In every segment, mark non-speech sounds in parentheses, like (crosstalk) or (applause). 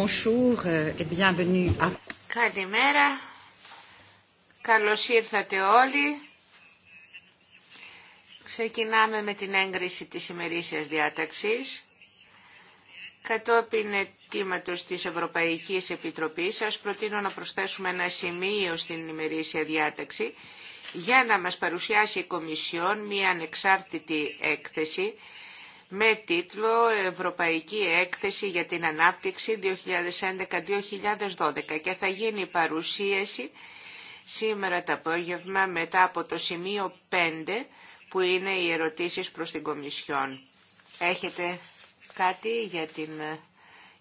Bonjour euh, et bienvenue à... Καλημέρα. Καλώς ήρθατε όλοι. Ξεκινάμε με την έγκριση της ημερήσιας διάταξης. Κατόπιν αιτήματος της Ευρωπαϊκής Επιτροπής σας προτείνω να προσθέσουμε ένα σημείο στην ημερήσια διάταξη για να μας παρουσιάσει η Κομισιόν μία ανεξάρτητη έκθεση με τίτλο «Ευρωπαϊκή Έκθεση για την Ανάπτυξη 2011-2012» και θα γίνει παρουσίαση σήμερα το απόγευμα μετά από το σημείο 5 που είναι οι ερωτήσεις προς την Κομισιόν. Έχετε κάτι για την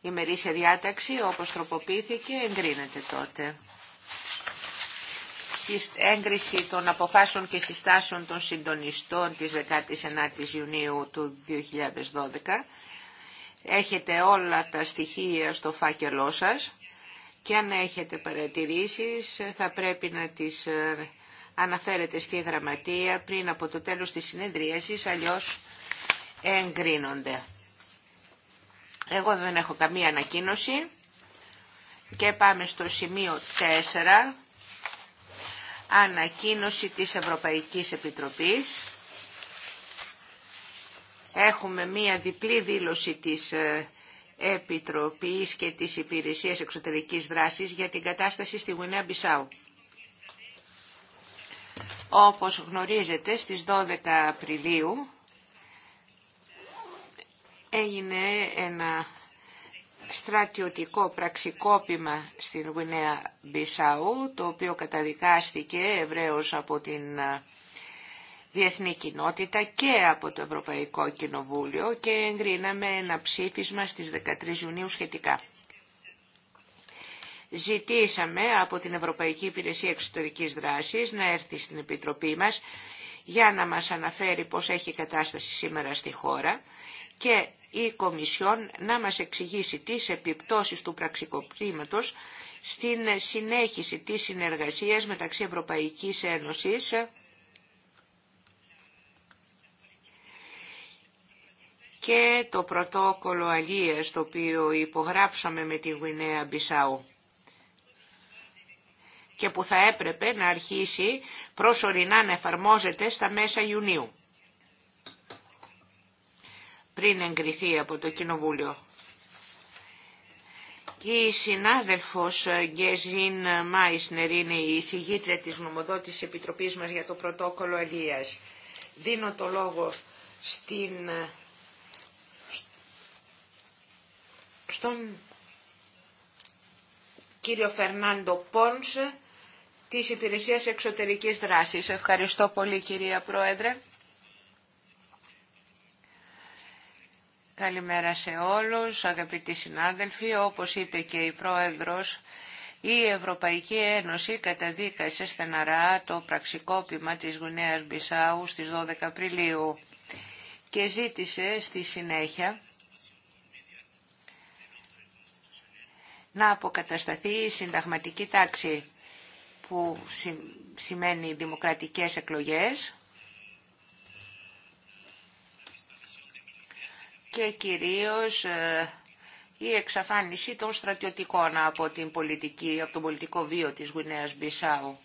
ημερήσια διάταξη όπως τροποποιήθηκε εγκρίνεται τότε έγκριση των αποφάσεων και συστάσεων των συντονιστών της 19ης Ιουνίου του 2012. Έχετε όλα τα στοιχεία στο φάκελό σας και αν έχετε παρατηρήσεις θα πρέπει να τις ε, αναφέρετε στη γραμματεία πριν από το τέλος της συνεδρίασης, αλλιώς εγκρίνονται. Εγώ δεν έχω καμία ανακοίνωση και πάμε στο σημείο 4 ανακοίνωση της Ευρωπαϊκής Επιτροπής. Έχουμε μία διπλή δήλωση της ε, Επιτροπής και της Υπηρεσίας Εξωτερικής Δράσης για την κατάσταση στη Γουινέα Μπισάου. Όπως γνωρίζετε, στις 12 Απριλίου έγινε ένα στρατιωτικό πραξικόπημα στην Γουινέα Μπισάου, το οποίο καταδικάστηκε ευρέως από την ε, διεθνή κοινότητα και από το Ευρωπαϊκό Κοινοβούλιο και εγκρίναμε ένα ψήφισμα στις 13 Ιουνίου σχετικά. Ζητήσαμε από την Ευρωπαϊκή Υπηρεσία Εξωτερικής Δράσης να έρθει στην Επιτροπή μας για να μας αναφέρει πώς έχει κατάσταση σήμερα στη χώρα και η Κομισιόν να μας εξηγήσει τις επιπτώσεις του πραξικοπήματος στην συνέχιση της συνεργασίας μεταξύ Ευρωπαϊκής Ένωσης και το πρωτόκολλο αλίας το οποίο υπογράψαμε με τη Γουινέα Μπισάου και που θα έπρεπε να αρχίσει προσωρινά να εφαρμόζεται στα μέσα Ιουνίου πριν εγκριθεί από το Κοινοβούλιο. Η συνάδελφος Γκέζιν Μάισνερ είναι η συγγήτρια της νομοδότης Επιτροπής μας για το πρωτόκολλο Αλίας. Δίνω το λόγο στην... στον κύριο Φερνάντο Πόνς της Υπηρεσίας Εξωτερικής Δράσης. Ευχαριστώ πολύ κυρία Πρόεδρε. Καλημέρα σε όλους, αγαπητοί συνάδελφοι. Όπως είπε και η Πρόεδρος, η Ευρωπαϊκή Ένωση καταδίκασε στεναρά το πραξικόπημα της Γουνέας Μπισάου στις 12 Απριλίου και ζήτησε στη συνέχεια να αποκατασταθεί η συνταγματική τάξη που σημαίνει δημοκρατικές εκλογές και κυρίως ε, η εξαφάνιση των στρατιωτικών από, την πολιτική, από τον πολιτικό βίο της Γουινέας Μπισάου.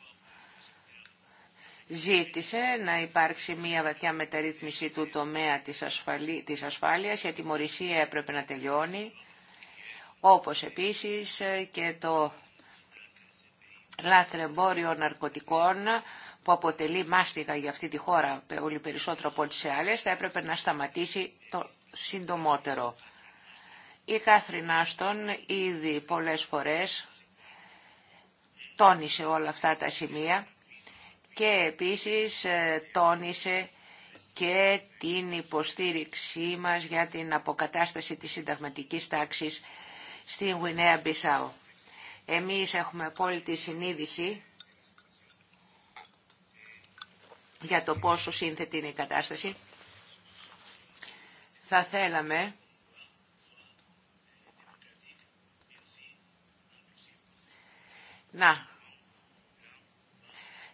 Ζήτησε να υπάρξει μια βαθιά μεταρρύθμιση του τομέα της, ασφαλή, της ασφάλειας, η ατιμορρησία έπρεπε να τελειώνει, όπως επίσης ε, και το λάθρεμπόριο ναρκωτικών που αποτελεί μάστιγα για αυτή τη χώρα πολύ περισσότερο από τις άλλες, θα έπρεπε να σταματήσει το συντομότερο. Η Κάθριν Άστον ήδη πολλές φορές τόνισε όλα αυτά τα σημεία και επίσης ε, τόνισε και την υποστήριξή μας για την αποκατάσταση της συνταγματικής τάξης στην Γουινέα Μπισάου. Εμείς έχουμε απόλυτη συνείδηση για το πόσο σύνθετη είναι η κατάσταση. Θα θέλαμε να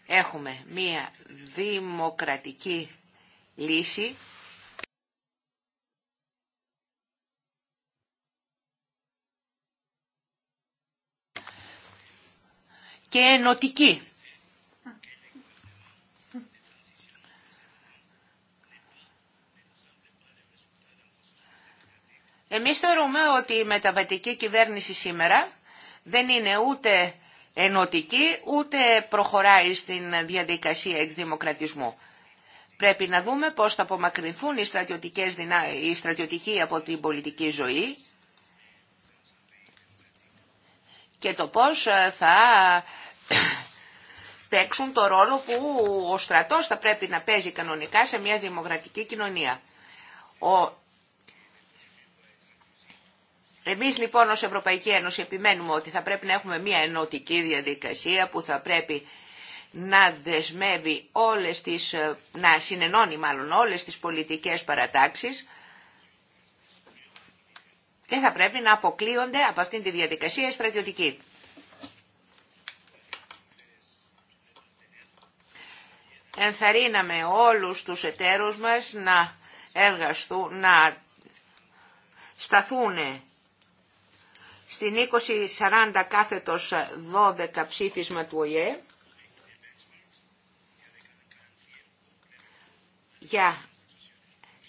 έχουμε μία δημοκρατική λύση και ενωτική. Εμείς θεωρούμε ότι η μεταβατική κυβέρνηση σήμερα δεν είναι ούτε ενωτική, ούτε προχωράει στην διαδικασία εκδημοκρατισμού. Πρέπει να δούμε πώς θα απομακρυνθούν οι, στρατιωτικές δυνα... στρατιωτικοί από την πολιτική ζωή και το πώς ε, θα (coughs) παίξουν το ρόλο που ο στρατός θα πρέπει να παίζει κανονικά σε μια δημοκρατική κοινωνία. Ο Εμεί λοιπόν ω Ευρωπαϊκή Ένωση επιμένουμε ότι θα πρέπει να έχουμε μια ενωτική διαδικασία που θα πρέπει να δεσμεύει όλες τις, ε, να συνενώνει μάλλον όλες τις πολιτικές παρατάξεις και θα πρέπει να αποκλείονται από αυτήν τη διαδικασία στρατιωτική. Ενθαρρύναμε όλους τους εταίρους μας να εργαστούν, να σταθούν στην 2040 κάθετος 12 ψήφισμα του ΟΗΕ για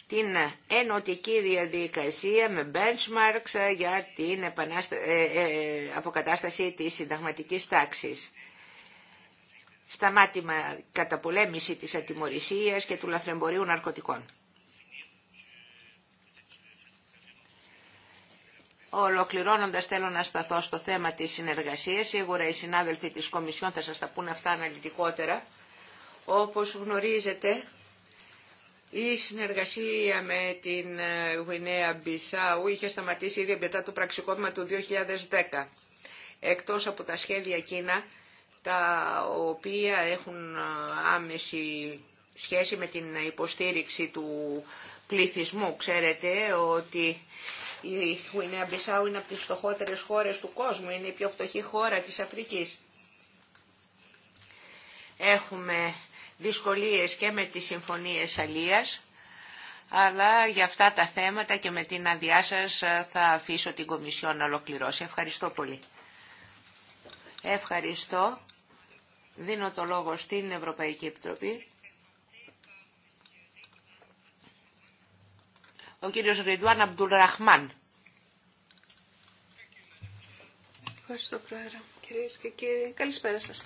την ενωτική διαδικασία με benchmarks για την επανάστα... Ε, ε, ε, αποκατάσταση της συνταγματικής τάξης. Σταμάτημα καταπολέμηση της ατιμορρησίας και του λαθρεμπορίου ναρκωτικών. Ολοκληρώνοντας θέλω να σταθώ στο θέμα της συνεργασίας. Σίγουρα οι συνάδελφοι της Κομισιόν θα σας τα πούνε αυτά αναλυτικότερα. Όπως γνωρίζετε, η συνεργασία με την ε, Γουινέα Μπισάου είχε σταματήσει ήδη μετά το πραξικόπημα του 2010. Εκτός από τα σχέδια εκείνα, τα οποία έχουν ε, άμεση σχέση με την υποστήριξη του πληθυσμού. Ξέρετε ότι η Βουινέα Μπισάου είναι από τις φτωχότερες χώρες του κόσμου, είναι η πιο φτωχή χώρα της Αφρικής. Έχουμε δυσκολίες και με τις συμφωνίες αλίας, αλλά για αυτά τα θέματα και με την αδειά σας ε, θα αφήσω την Κομισιόν να ολοκληρώσει. Ευχαριστώ πολύ. Ευχαριστώ. Δίνω το λόγο στην Ευρωπαϊκή Επιτροπή. Ο κύριο Ριντουάν Αμπτουλραχμάν. Ευχαριστώ, Πρόεδρε. Κυρίες και κύριοι, καλησπέρα σα. 12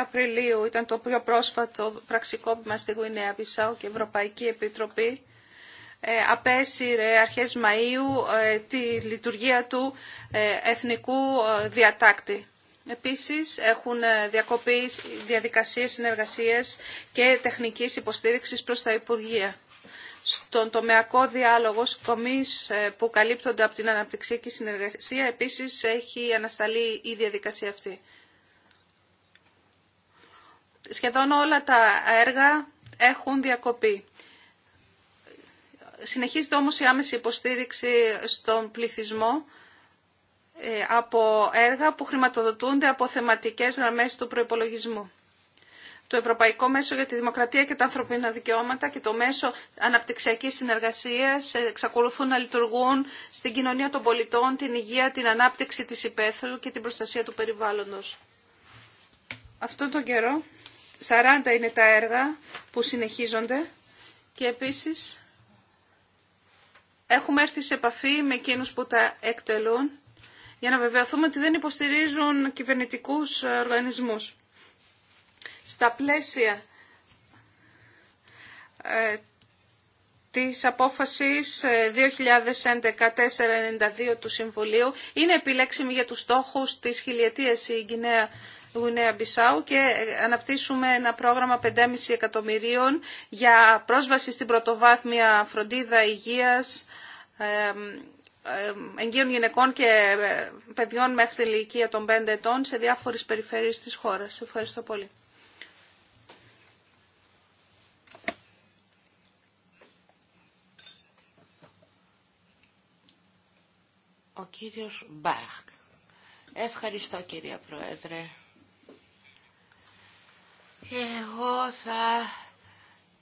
Απριλίου ήταν το πιο πρόσφατο πραξικόπημα στη Γουινέα βισαού και Ευρωπαϊκή Επιτροπή ε, απέσυρε αρχές Μαΐου ε, τη λειτουργία του ε, εθνικού διατάκτη. Επίσης έχουν ε, διακοπεί διαδικασίες συνεργασίες και τεχνικής υποστήριξης προς τα Υπουργεία. Στον τομεακό διάλογο στους ε, που καλύπτονται από την αναπτυξιακή συνεργασία επίσης έχει ανασταλεί η διαδικασία αυτή. Σχεδόν όλα τα έργα έχουν διακοπεί. Συνεχίζεται όμως η άμεση υποστήριξη στον πληθυσμό ε, από έργα που χρηματοδοτούνται από θεματικές γραμμές του προϋπολογισμού. Το Ευρωπαϊκό Μέσο για τη Δημοκρατία και τα Ανθρωπίνα Δικαιώματα και το Μέσο Αναπτυξιακής Συνεργασίας εξακολουθούν να λειτουργούν στην κοινωνία των πολιτών, την υγεία, την ανάπτυξη της υπαίθρου και την προστασία του περιβάλλοντος. Αυτόν τον καιρό 40 είναι τα έργα που συνεχίζονται και επίσης έχουμε έρθει σε επαφή με εκείνους που τα εκτελούν για να βεβαιωθούμε ότι δεν υποστηρίζουν κυβερνητικούς οργανισμούς. Στα πλαίσια ε, της απόφασης 2011-492 ε, του Συμβουλίου είναι επιλέξιμη για τους στόχους της χιλιετίας η Γκινέα Γουινέα Μπισάου και ε, αναπτύσσουμε ένα πρόγραμμα 5,5 εκατομμυρίων για πρόσβαση στην πρωτοβάθμια φροντίδα υγείας, ε, εγγύων γυναικών και ε, παιδιών μέχρι την ηλικία των 5 ετών σε διάφορες περιφέρειες της χώρας. Ευχαριστώ πολύ. Ο κύριος Μπαχ. Ευχαριστώ κυρία Πρόεδρε. Εγώ θα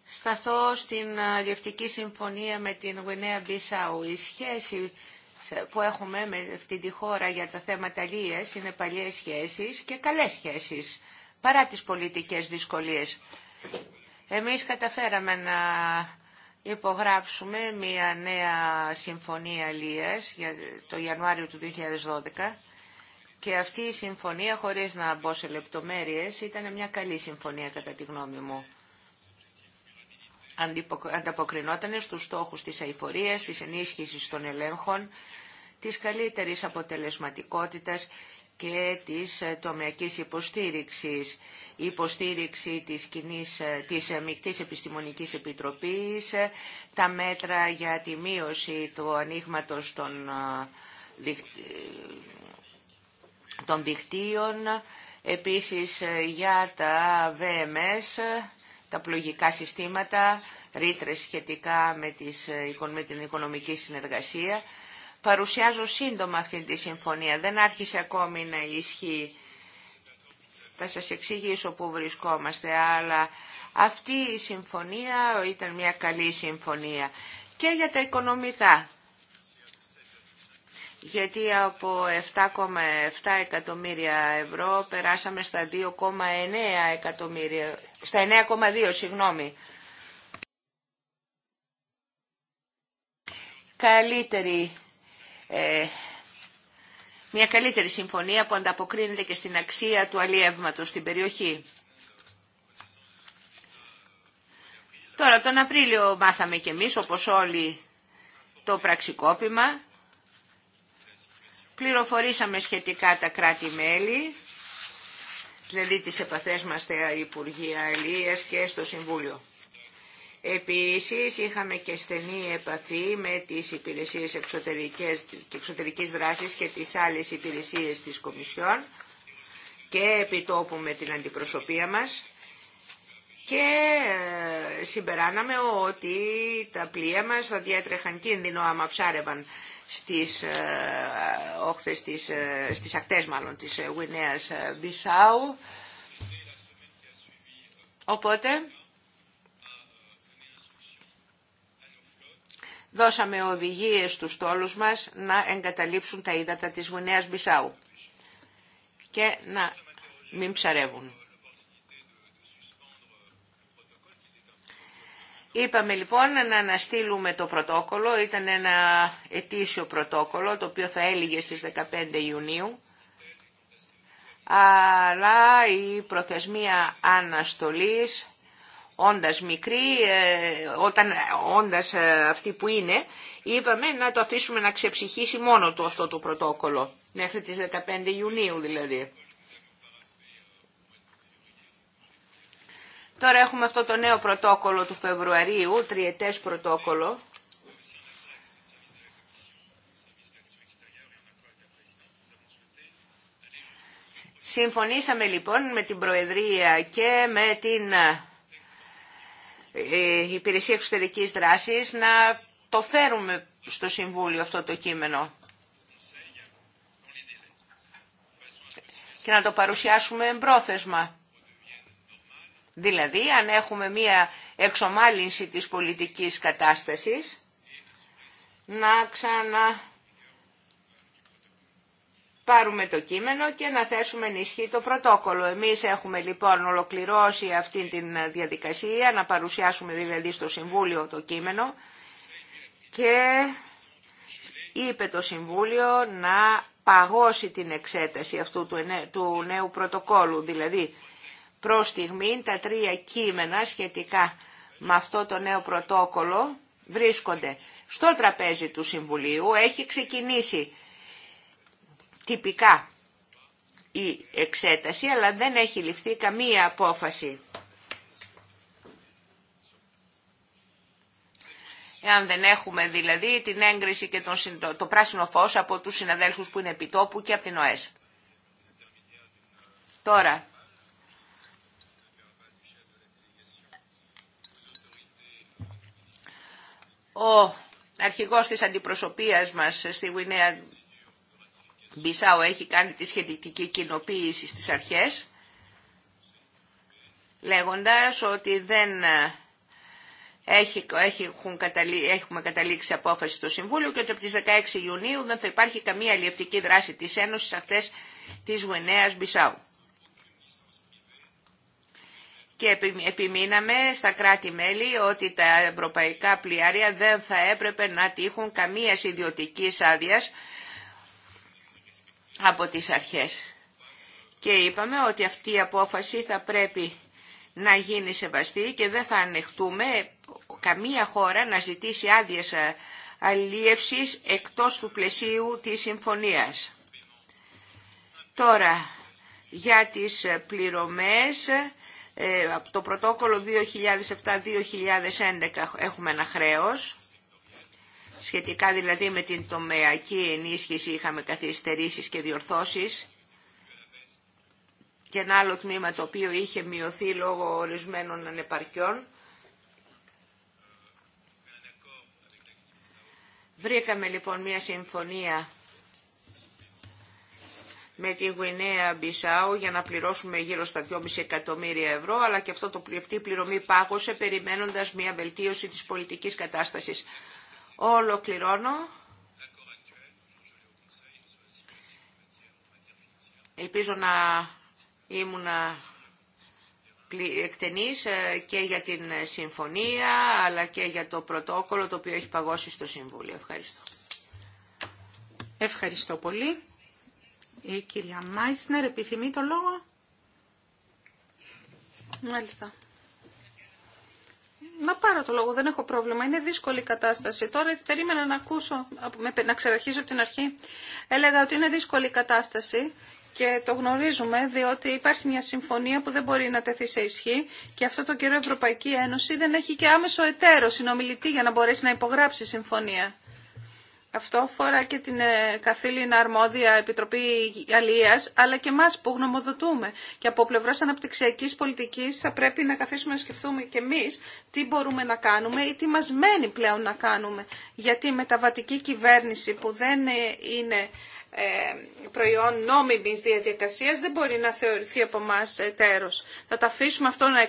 σταθώ στην Διευτική Συμφωνία με την Γουινέα Μπισάου. Η σχέση που έχουμε με αυτή τη χώρα για τα θέματα αλληλείας είναι παλιές σχέσεις και καλές σχέσεις, παρά τις πολιτικές δυσκολίες. Εμείς καταφέραμε να υπογράψουμε μια νέα συμφωνία αλληλείας για το Ιανουάριο του 2012 και αυτή η συμφωνία, χωρίς να μπω σε λεπτομέρειες, ήταν μια καλή συμφωνία κατά τη γνώμη μου ανταποκρινόταν στους στόχους της αηφορίας, της ενίσχυσης των ελέγχων, της καλύτερης αποτελεσματικότητας και της ε, τομεακής υποστήριξης. Η υποστήριξη της, κοινής, ε, της ε, Μικτής Επιστημονικής Επιτροπής, τα μέτρα για τη μείωση του ανοίγματο των, των δικτύων, επίσης για τα VMS, τα πλογικά συστήματα, ρήτρες σχετικά με, τις, ε, την οικονομική συνεργασία. Παρουσιάζω σύντομα αυτή τη συμφωνία. Δεν άρχισε ακόμη να ισχύει. Θα σας εξηγήσω πού βρισκόμαστε, αλλά αυτή η συμφωνία ήταν μια καλή συμφωνία και για τα οικονομικά γιατί από 7,7 εκατομμύρια ευρώ περάσαμε στα 2,9 εκατομμύρια, στα 9,2 συγγνώμη. Καλύτερη, ε, μια καλύτερη συμφωνία που ανταποκρίνεται και στην αξία του αλλιεύματος στην περιοχή. Τώρα τον Απρίλιο μάθαμε κι εμείς όπως όλοι το πραξικόπημα Πληροφορήσαμε σχετικά τα κράτη-μέλη, δηλαδή τις επαφές μας στα Υπουργεία Ελίας και στο Συμβούλιο. Επίσης είχαμε και στενή επαφή με τις υπηρεσίες εξωτερικές και εξωτερικής δράσης και τις άλλες υπηρεσίες της Κομισιόν και επιτόπου με την αντιπροσωπεία μας και ε, συμπεράναμε ότι τα πλοία μας θα διέτρεχαν κίνδυνο άμα ψάρευαν στις, ε, όχθες της, ε, στις ακτές μάλλον της ε, Γουινέας Μπισάου. Οπότε δώσαμε οδηγίες στους τόλους μας να εγκαταλείψουν τα ύδατα της Γουινέας Μπισάου και να μην ψαρεύουν. Είπαμε λοιπόν να αναστείλουμε το πρωτόκολλο, ήταν ένα ετήσιο πρωτόκολλο το οποίο θα έλυγε στις 15 Ιουνίου αλλά η προθεσμία αναστολής όντας μικρή, ε, όταν, όντας ε, αυτή που είναι, είπαμε να το αφήσουμε να ξεψυχήσει μόνο του αυτό το πρωτόκολλο, μέχρι τις 15 Ιουνίου δηλαδή. Τώρα έχουμε αυτό το νέο πρωτόκολλο του Φεβρουαρίου, τριετές πρωτόκολλο, Συμφωνήσαμε λοιπόν με την Προεδρία και με την ε, Υπηρεσία Εξωτερικής Δράσης να το φέρουμε στο Συμβούλιο αυτό το κείμενο και να το παρουσιάσουμε εμπρόθεσμα. Δηλαδή, αν έχουμε μία εξομάλυνση της πολιτικής κατάστασης, να ξαναπάρουμε το κείμενο και να θέσουμε ενισχύ το πρωτόκολλο. Εμείς έχουμε λοιπόν ολοκληρώσει αυτή τη διαδικασία, να παρουσιάσουμε δηλαδή στο Συμβούλιο το κείμενο και είπε το Συμβούλιο να παγώσει την εξέταση αυτού του νέου πρωτοκόλλου, δηλαδή Προς στιγμή τα τρία κείμενα σχετικά με αυτό το νέο πρωτόκολλο βρίσκονται στο τραπέζι του Συμβουλίου. Έχει ξεκινήσει τυπικά η εξέταση, αλλά δεν έχει ληφθεί καμία απόφαση. Εάν δεν έχουμε δηλαδή την έγκριση και τον, το πράσινο φως από τους συναδέλφους που είναι επιτόπου και από την ΟΕΣ. Τώρα, Ο αρχηγός της αντιπροσωπείας μας στη Γουινέα Μπισάου έχει κάνει τη σχετική κοινοποίηση στις αρχές λέγοντας ότι δεν ε, έχει, έχουν έχουμε καταλήξει απόφαση στο Συμβούλιο και ότι από τις 16 Ιουνίου δεν θα υπάρχει καμία αλλιευτική δράση της Ένωσης αυτές της Γουινέας Μπισάου και επιμείναμε στα κράτη-μέλη ότι τα ευρωπαϊκά πλοιάρια δεν θα έπρεπε να τύχουν καμία ιδιωτικής άδεια από τις αρχές. Και είπαμε ότι αυτή η απόφαση θα πρέπει να γίνει σεβαστή και δεν θα ανεχτούμε καμία χώρα να ζητήσει άδειε αλίευσης εκτός του πλαισίου της συμφωνίας. Τώρα, για τις πληρωμές ε, από το πρωτόκολλο 2007-2011 έχουμε ένα χρέος, σχετικά δηλαδή με την τομεακή ενίσχυση είχαμε καθυστερήσεις και διορθώσεις και ένα άλλο τμήμα το οποίο είχε μειωθεί λόγω ορισμένων ανεπαρκιών. Βρήκαμε λοιπόν μια συμφωνία με τη Γουινέα Μπισάου για να πληρώσουμε γύρω στα 2,5 εκατομμύρια ευρώ, αλλά και αυτό το, αυτή πληρωμή πάγωσε περιμένοντας μια βελτίωση της πολιτικής κατάστασης. Ολοκληρώνω. Ελπίζω να ήμουν εκτενής ε, και για την συμφωνία, αλλά και για το πρωτόκολλο το οποίο έχει παγώσει στο Συμβούλιο. Ευχαριστώ. Ευχαριστώ πολύ. Η κυρία Μάισνερ επιθυμεί το λόγο. Μάλιστα. Να πάρω το λόγο, δεν έχω πρόβλημα. Είναι δύσκολη η κατάσταση. Τώρα περίμενα να ακούσω, να ξεραρχίσω από την αρχή. Έλεγα ότι είναι δύσκολη η κατάσταση και το γνωρίζουμε διότι υπάρχει μια συμφωνία που δεν μπορεί να τεθεί σε ισχύ και αυτό το καιρό η Ευρωπαϊκή Ένωση δεν έχει και άμεσο εταίρο συνομιλητή για να μπορέσει να υπογράψει συμφωνία. Αυτό αφορά και την ε, καθήλυνα αρμόδια Επιτροπή Αλίας, αλλά και εμά που γνωμοδοτούμε. Και από πλευρά αναπτυξιακή πολιτική θα πρέπει να καθίσουμε να σκεφτούμε και εμεί τι μπορούμε να κάνουμε ή τι μας μένει πλέον να κάνουμε. Γιατί η μεταβατική κυβέρνηση που δεν ε, είναι ε, προϊόν νόμιμη διαδικασία, δεν μπορεί να θεωρηθεί από εμά τέρος. Θα τα αφήσουμε αυτό να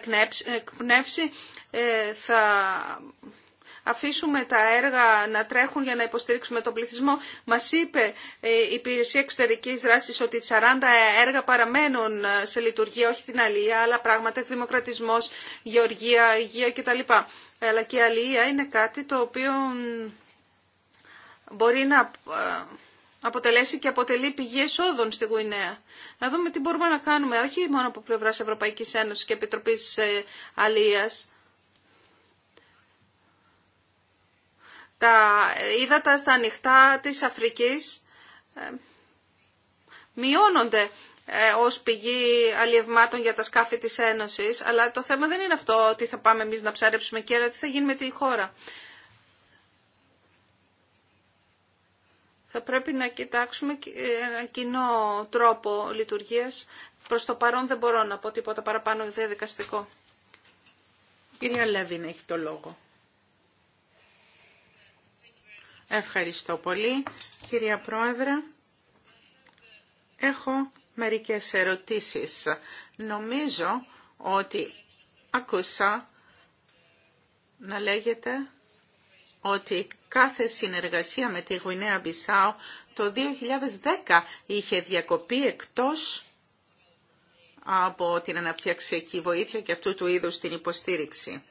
εκπνεύσει, θα αφήσουμε τα έργα να τρέχουν για να υποστηρίξουμε τον πληθυσμό. Μα είπε ε, η Υπηρεσία εξωτερική δράση ότι 40 έργα παραμένουν ε, σε λειτουργία, όχι την αλληλεία, αλλά πράγματα, δημοκρατισμό, γεωργία, υγεία κτλ. Αλλά και η αλληλεία είναι κάτι το οποίο μπορεί να ε, αποτελέσει και αποτελεί πηγή εσόδων στη Γουινέα. Να δούμε τι μπορούμε να κάνουμε, όχι μόνο από πλευρά Ευρωπαϊκή Ένωση και Επιτροπή Αλία, τα ύδατα στα ανοιχτά της Αφρικής ε, μειώνονται ε, ως πηγή αλλιευμάτων για τα σκάφη της Ένωσης, αλλά το θέμα δεν είναι αυτό ότι θα πάμε εμείς να ψάρεψουμε και αλλά τι θα γίνει με τη χώρα. Θα πρέπει να κοιτάξουμε ε, έναν κοινό τρόπο λειτουργίας. Προς το παρόν δεν μπορώ να πω τίποτα παραπάνω διαδικαστικό. Κυρία Λέβιν έχει το λόγο. Ευχαριστώ πολύ. Κυρία Πρόεδρε, έχω μερικές ερωτήσεις. Νομίζω ότι άκουσα να λέγεται ότι κάθε συνεργασία με τη Γουινέα Μπισάου το 2010 είχε διακοπεί εκτός από την αναπτυξιακή βοήθεια και αυτού του είδους την υποστήριξη.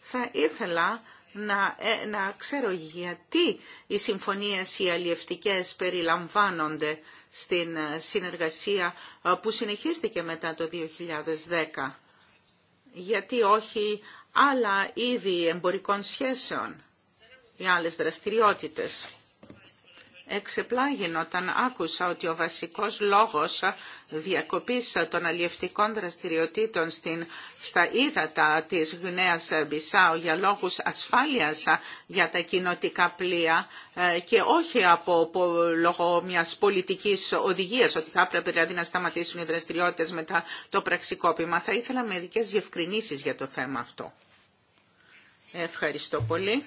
Θα ήθελα να, ε, να ξέρω γιατί οι συμφωνίες οι αλλιευτικές περιλαμβάνονται στην ε, συνεργασία ε, που συνεχίστηκε μετά το 2010. Γιατί όχι άλλα είδη εμπορικών σχέσεων ή άλλες δραστηριότητες εξεπλάγει όταν άκουσα ότι ο βασικός λόγος διακοπής των αλλιευτικών δραστηριοτήτων στην, στα ύδατα της Γνέας Μπισάου για λόγους ασφάλειας για τα κοινοτικά πλοία ε, και όχι από, λόγω μιας πολιτικής οδηγίας ότι θα έπρεπε δηλαδή να σταματήσουν οι δραστηριότητες μετά το πραξικόπημα. Θα ήθελα μερικές διευκρινήσεις για το θέμα αυτό. Ευχαριστώ πολύ.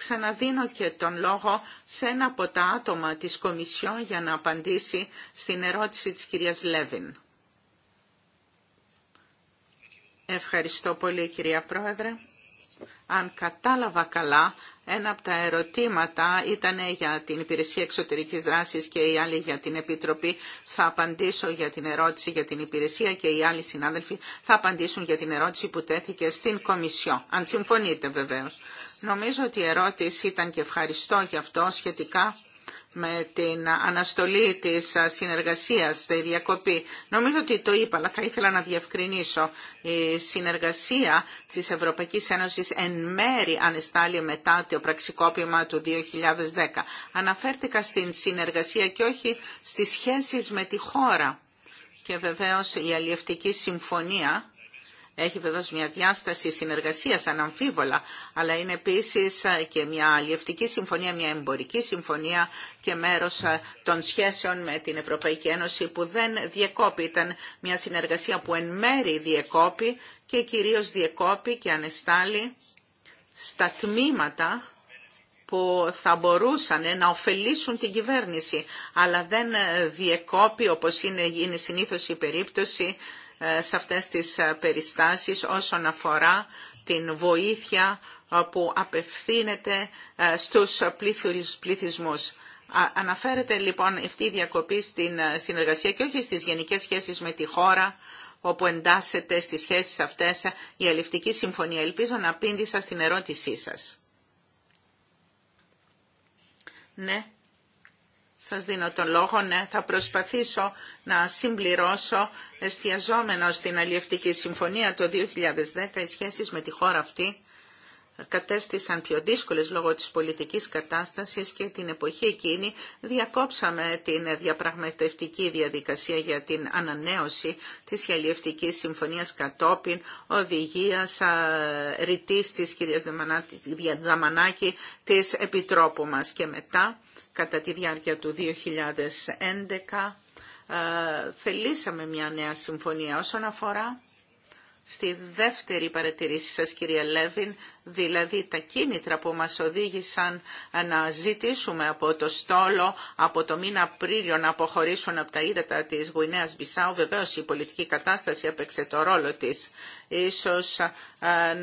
Ξαναδίνω και τον λόγο σε ένα από τα άτομα της Κομισιόν για να απαντήσει στην ερώτηση της κυρίας Λέβιν. Ευχαριστώ πολύ κυρία Πρόεδρε. Αν κατάλαβα καλά, ένα από τα ερωτήματα ήταν για την Υπηρεσία Εξωτερικής Δράσης και η άλλη για την Επιτροπή. Θα απαντήσω για την ερώτηση για την Υπηρεσία και οι άλλοι συνάδελφοι θα απαντήσουν για την ερώτηση που τέθηκε στην Κομισιό. Αν συμφωνείτε βεβαίως. Νομίζω ότι η ερώτηση ήταν και ευχαριστώ γι' αυτό σχετικά με την αναστολή της συνεργασίας, τη διακοπή. Νομίζω ότι το είπα, αλλά θα ήθελα να διευκρινίσω. Η συνεργασία της Ευρωπαϊκής Ένωσης εν μέρη ανεστάλλει μετά το πραξικόπημα του 2010. Αναφέρθηκα στην συνεργασία και όχι στις σχέσεις με τη χώρα. Και βεβαίως η αλλιευτική συμφωνία έχει βεβαίως μια διάσταση συνεργασίας αναμφίβολα, αλλά είναι επίσης ε, και μια αλλιευτική συμφωνία, μια εμπορική συμφωνία και μέρος ε, των σχέσεων με την Ευρωπαϊκή Ένωση που δεν διεκόπη. Ήταν μια συνεργασία που εν μέρη διεκόπη και κυρίως διεκόπη και ανεστάλλει στα τμήματα που θα μπορούσαν ε, να ωφελήσουν την κυβέρνηση, αλλά δεν διεκόπη, όπως είναι, είναι συνήθως η περίπτωση, ε, σε αυτές τις ε, περιστάσεις όσον αφορά την βοήθεια ε, που απευθύνεται στους πληθυσμούς. Αναφέρεται λοιπόν αυτή η διακοπή στην συνεργασία και όχι στις γενικές σχέσεις με τη χώρα όπου εντάσσεται στις σχέσεις αυτές η αληφτική συμφωνία. Ελπίζω να απήντησα στην ερώτησή σας. Ναι, σας δίνω τον λόγο, ναι, θα προσπαθήσω να συμπληρώσω εστιαζόμενο στην Αλλιευτική Συμφωνία το 2010 οι σχέσεις με τη χώρα αυτή κατέστησαν πιο δύσκολες λόγω της πολιτικής κατάστασης και την εποχή εκείνη διακόψαμε την διαπραγματευτική διαδικασία για την ανανέωση της αλιευτικής Συμφωνίας κατόπιν οδηγίας ρητής της κυρίας Δαμανάκη της Επιτρόπου μας και μετά κατά τη διάρκεια του 2011 ε, θελήσαμε μια νέα συμφωνία όσον αφορά στη δεύτερη παρατηρήση σας κυρία Λέβιν δηλαδή τα κίνητρα που μας οδήγησαν να ζητήσουμε από το στόλο από το μήνα Απρίλιο να αποχωρήσουν από τα ύδατα της Γουινέας Μπισάου. Βεβαίως η πολιτική κατάσταση έπαιξε το ρόλο της. Ίσως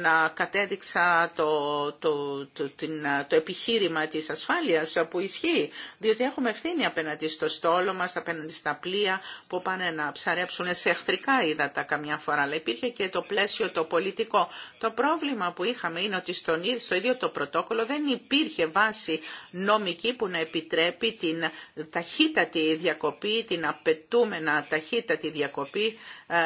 να κατέδειξα το, το, την, το επιχείρημα της ασφάλειας που ισχύει, διότι έχουμε ευθύνη απέναντι στο στόλο μας, απέναντι στα πλοία που πάνε να ψαρέψουν σε εχθρικά ύδατα καμιά φορά. Αλλά υπήρχε και το πλαίσιο το πολιτικό. Το πρόβλημα που είχαμε είναι ότι στον, στο ίδιο το πρωτόκολλο δεν υπήρχε βάση νομική που να επιτρέπει την ταχύτατη διακοπή, την απαιτούμενα ταχύτατη διακοπή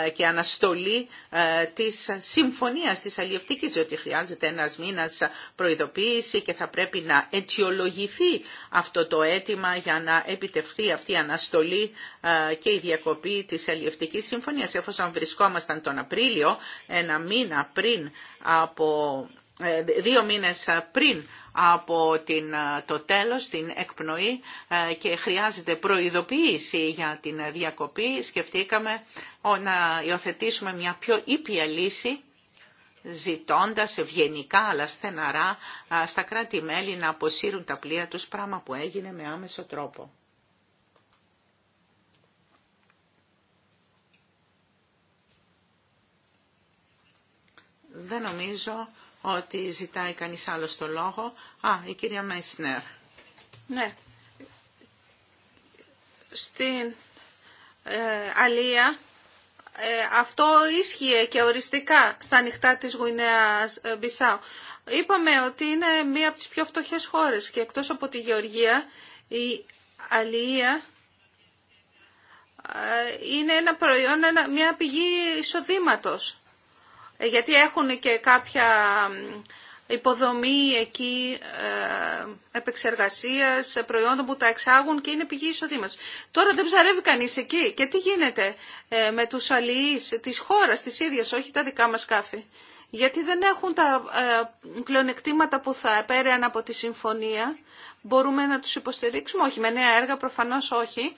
ε, και αναστολή ε, της συμφωνίας της αλλιευτικής, διότι χρειάζεται ένας μήνας προειδοποίηση και θα πρέπει να αιτιολογηθεί αυτό το αίτημα για να επιτευχθεί αυτή η αναστολή ε, και η διακοπή της αλλιευτικής συμφωνίας. Εφόσον βρισκόμασταν τον Απρίλιο, ένα μήνα πριν από ε, δύο μήνες πριν από την, ε, το τέλος, την εκπνοή ε, και χρειάζεται προειδοποίηση για την διακοπή, σκεφτήκαμε να υιοθετήσουμε μια πιο ήπια λύση ζητώντας ευγενικά αλλά στεναρά στα κράτη-μέλη να αποσύρουν τα πλοία τους, πράγμα που έγινε με άμεσο τρόπο. Δεν νομίζω ότι ζητάει κανείς άλλο το λόγο. Α, η κυρία Μέισνερ. Ναι. Στην ε, Αλία ε, αυτό ίσχυε και οριστικά στα νυχτά της Γουινέας ε, Μπισάου. Είπαμε ότι είναι μία από τις πιο φτωχές χώρες και εκτός από τη Γεωργία η Αλία ε, είναι ένα προϊόν, μια πηγή εισοδήματος. Ε, γιατί έχουν και κάποια υποδομή εκεί ε, επεξεργασίας ε, προϊόντων που τα εξάγουν και είναι πηγή εισοδήματος. Τώρα δεν ψαρεύει κανείς εκεί. Και τι γίνεται με τους αλληλείς της χώρας, της ίδιας, όχι τα δικά μας σκάφη. Γιατί δεν έχουν τα πλεονεκτήματα που θα επέρεαν από τη συμφωνία. Μπορούμε να τους υποστηρίξουμε, όχι με νέα έργα, προφανώς όχι,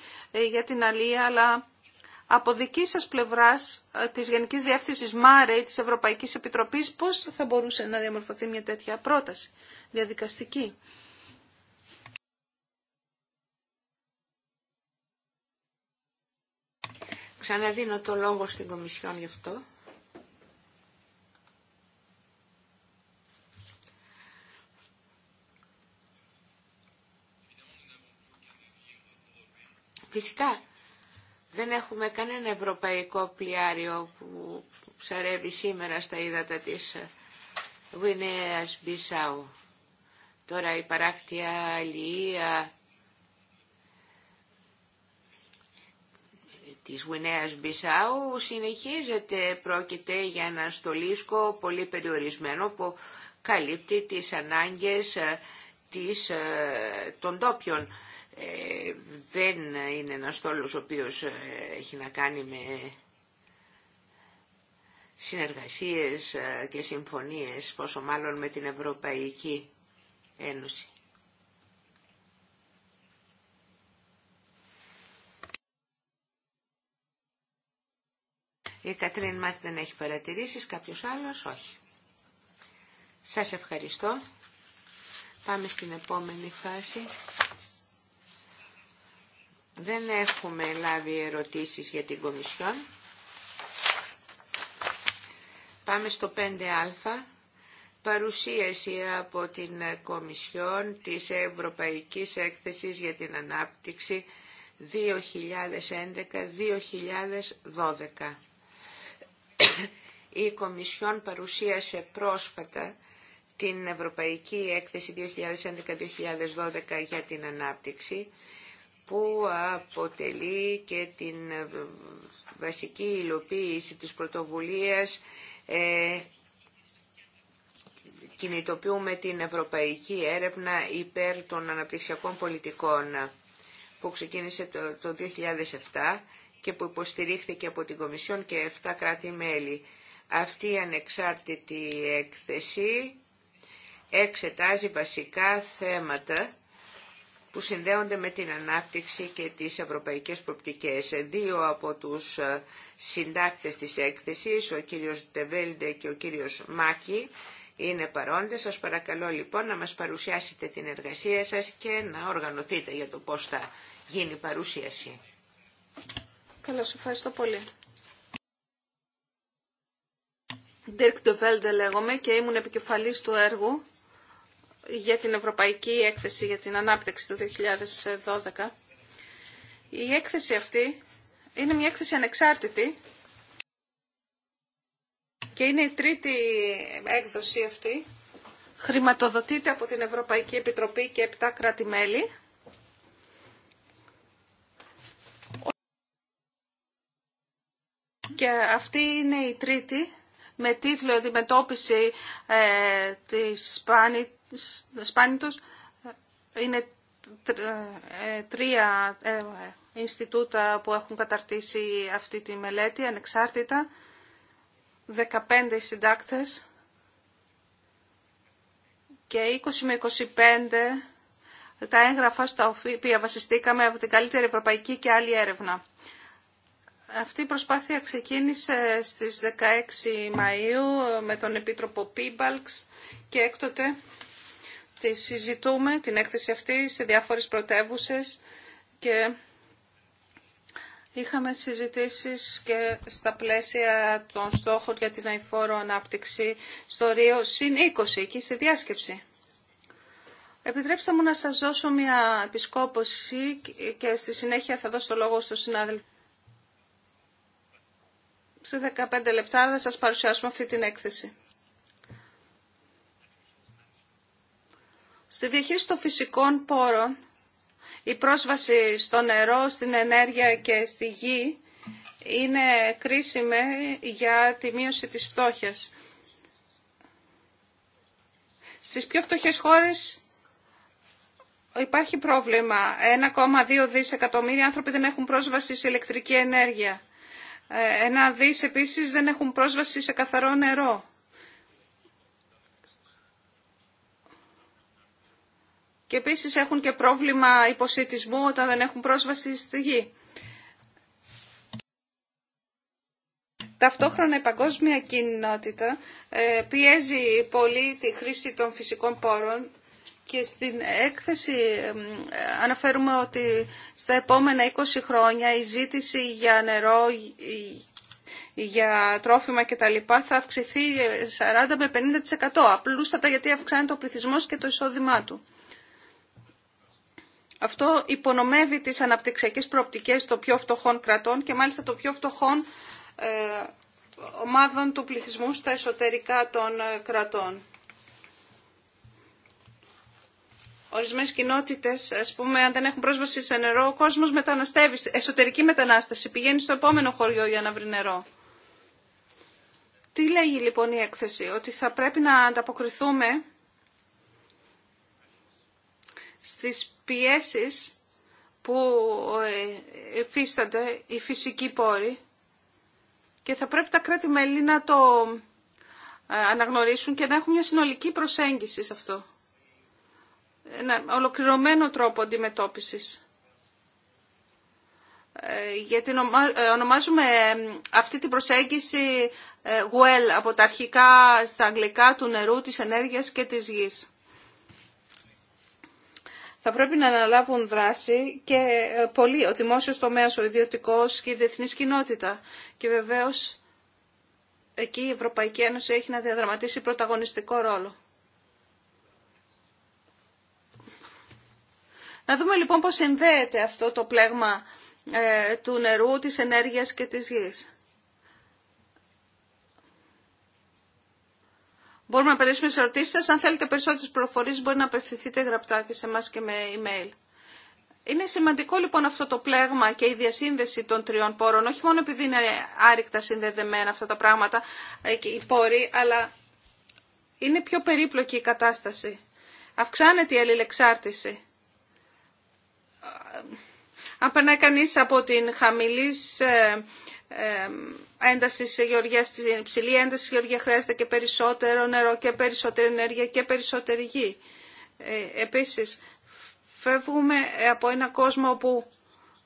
για την αλληλεία, αλλά από δική σας πλευράς ε, της Γενικής Διεύθυνσης ΜΑΡΕ ή της Ευρωπαϊκής Επιτροπής πώς θα μπορούσε να διαμορφωθεί μια τέτοια πρόταση διαδικαστική. Ξαναδίνω το λόγο στην Κομισιόν γι' αυτό. Φυσικά δεν έχουμε κανένα ευρωπαϊκό πλοιάριο που ψαρεύει σήμερα στα ύδατα της Γουινέας Μπισάου. Τώρα η παράκτια αλληλεία της Γουινέας Μπισάου συνεχίζεται, πρόκειται για ένα στολίσκο πολύ περιορισμένο που καλύπτει τις ανάγκες ε, της, ε, των τόπιων ε, δεν είναι ένας στόλος ο οποίος ε, έχει να κάνει με συνεργασίες ε, και συμφωνίες, πόσο μάλλον με την Ευρωπαϊκή Ένωση. Η Κατρίν δεν έχει παρατηρήσεις, κάποιος άλλος όχι. Σας ευχαριστώ. Πάμε στην επόμενη φάση. Δεν έχουμε λάβει ερωτήσεις για την Κομισιόν. Πάμε στο 5α. Παρουσίαση από την Κομισιόν της Ευρωπαϊκής Έκθεσης για την Ανάπτυξη 2011-2012. Η Κομισιόν παρουσίασε πρόσφατα την Ευρωπαϊκή Έκθεση 2011-2012 για την Ανάπτυξη που αποτελεί και την βασική υλοποίηση της πρωτοβουλίας ε, κινητοποιούμε την ευρωπαϊκή έρευνα υπέρ των αναπτυξιακών πολιτικών που ξεκίνησε το, το 2007 και που υποστηρίχθηκε από την Κομισιόν και 7 κράτη-μέλη. Αυτή η ανεξάρτητη έκθεση εξετάζει βασικά θέματα που συνδέονται με την ανάπτυξη και τις ευρωπαϊκές προπτικές. Δύο από τους ε, συντάκτες της έκθεσης, ο κύριος Ντεβέλντε και ο κύριος Μάκη, είναι παρόντες. Σας παρακαλώ λοιπόν να μας παρουσιάσετε την εργασία σας και να οργανωθείτε για το πώς θα γίνει η παρουσίαση. Καλώς, ευχαριστώ πολύ. Dirk Ντεβέλντε λέγομαι και ήμουν επικεφαλής του έργου για την Ευρωπαϊκή Έκθεση για την Ανάπτυξη του 2012. Η έκθεση αυτή είναι μια έκθεση ανεξάρτητη και είναι η τρίτη έκδοση αυτή. Χρηματοδοτείται από την Ευρωπαϊκή Επιτροπή και επτα κράτη-μέλη. Και αυτή είναι η τρίτη με τίτλο «Αντιμετώπιση ε, της πάνη σπάνιτος ε, είναι ε, τρία ε, Ινστιτούτα που έχουν καταρτήσει αυτή τη μελέτη ανεξάρτητα, 15 συντάκτες και 20 με 25 τα έγγραφα στα οποία βασιστήκαμε από την καλύτερη ευρωπαϊκή και άλλη έρευνα. Αυτή η προσπάθεια ξεκίνησε στις 16 Μαΐου με τον Επίτροπο Πίμπαλξ και έκτοτε συζητούμε την έκθεση αυτή σε διάφορες πρωτεύουσες και είχαμε συζητήσεις και στα πλαίσια των στόχων για την αηφόρο ανάπτυξη στο Ρίο συν 20 εκεί στη διάσκεψη. Επιτρέψτε μου να σας δώσω μια επισκόπωση και στη συνέχεια θα δώσω το λόγο στον συνάδελφο. Σε 15 λεπτά θα σας παρουσιάσουμε αυτή την έκθεση. Στη διαχείριση των φυσικών πόρων, η πρόσβαση στο νερό, στην ενέργεια και στη γη είναι κρίσιμη για τη μείωση της φτώχειας. Στις πιο φτωχές χώρες υπάρχει πρόβλημα. 1,2 δισεκατομμύρια άνθρωποι δεν έχουν πρόσβαση σε ηλεκτρική ενέργεια. Ε, ένα δις επίσης δεν έχουν πρόσβαση σε καθαρό νερό. και επίσης έχουν και πρόβλημα υποσυτισμού όταν δεν έχουν πρόσβαση στη γη. Ταυτόχρονα η παγκόσμια κοινότητα ε, πιέζει πολύ τη χρήση των φυσικών πόρων και στην έκθεση αναφέρουμε ότι στα επόμενα 20 χρόνια η ζήτηση για νερό, για τρόφιμα και τα θα αυξηθεί 40 με 50% απλούστατα γιατί αυξάνεται ο πληθυσμός και το εισόδημά του. Αυτό υπονομεύει τις αναπτυξιακές προοπτικές των πιο φτωχών κρατών και μάλιστα των πιο φτωχών ε, ομάδων του πληθυσμού στα εσωτερικά των ε, κρατών. Ορισμένες κοινότητες, ας πούμε, αν δεν έχουν πρόσβαση σε νερό, ο κόσμος μεταναστεύει, εσωτερική μετανάστευση, πηγαίνει στο επόμενο χωριό για να βρει νερό. Τι λέγει λοιπόν η έκθεση, ότι θα πρέπει να ανταποκριθούμε στις πιέσεις που εφίστανται οι φυσικοί πόροι και θα πρέπει τα κράτη-μέλη να το ε, αναγνωρίσουν και να έχουν μια συνολική προσέγγιση σε αυτό. Ένα ολοκληρωμένο τρόπο αντιμετώπισης. Ε, γιατί ε, ονομάζουμε αυτή την προσέγγιση well από τα αρχικά στα αγγλικά του νερού, της ενέργειας και της γης θα πρέπει να αναλάβουν δράση και ε, πολύ ο δημόσιος τομέας, ο ιδιωτικός και η διεθνή κοινότητα. Και βεβαίως εκεί η Ευρωπαϊκή Ένωση έχει να διαδραματίσει πρωταγωνιστικό ρόλο. Να δούμε λοιπόν πώς συνδέεται αυτό το πλέγμα ε, του νερού, της ενέργειας και της γης. Μπορούμε να απαντήσουμε σε ερωτήσει σα. Αν θέλετε περισσότερε πληροφορίε, μπορεί να απευθυνθείτε γραπτά και σε εμά και με email. Είναι σημαντικό λοιπόν αυτό το πλέγμα και η διασύνδεση των τριών πόρων, όχι μόνο επειδή είναι άρρηκτα συνδεδεμένα αυτά τα πράγματα, ε, οι πόροι, αλλά είναι πιο περίπλοκη η κατάσταση. Αυξάνεται η αλληλεξάρτηση. Αν περνάει κανείς από την χαμηλής ε, ε, ένταση σε γεωργία, στην υψηλή ένταση σε γεωργία χρειάζεται και περισσότερο νερό και περισσότερη ενέργεια και περισσότερη γη. Ε, επίσης, φεύγουμε από ένα κόσμο που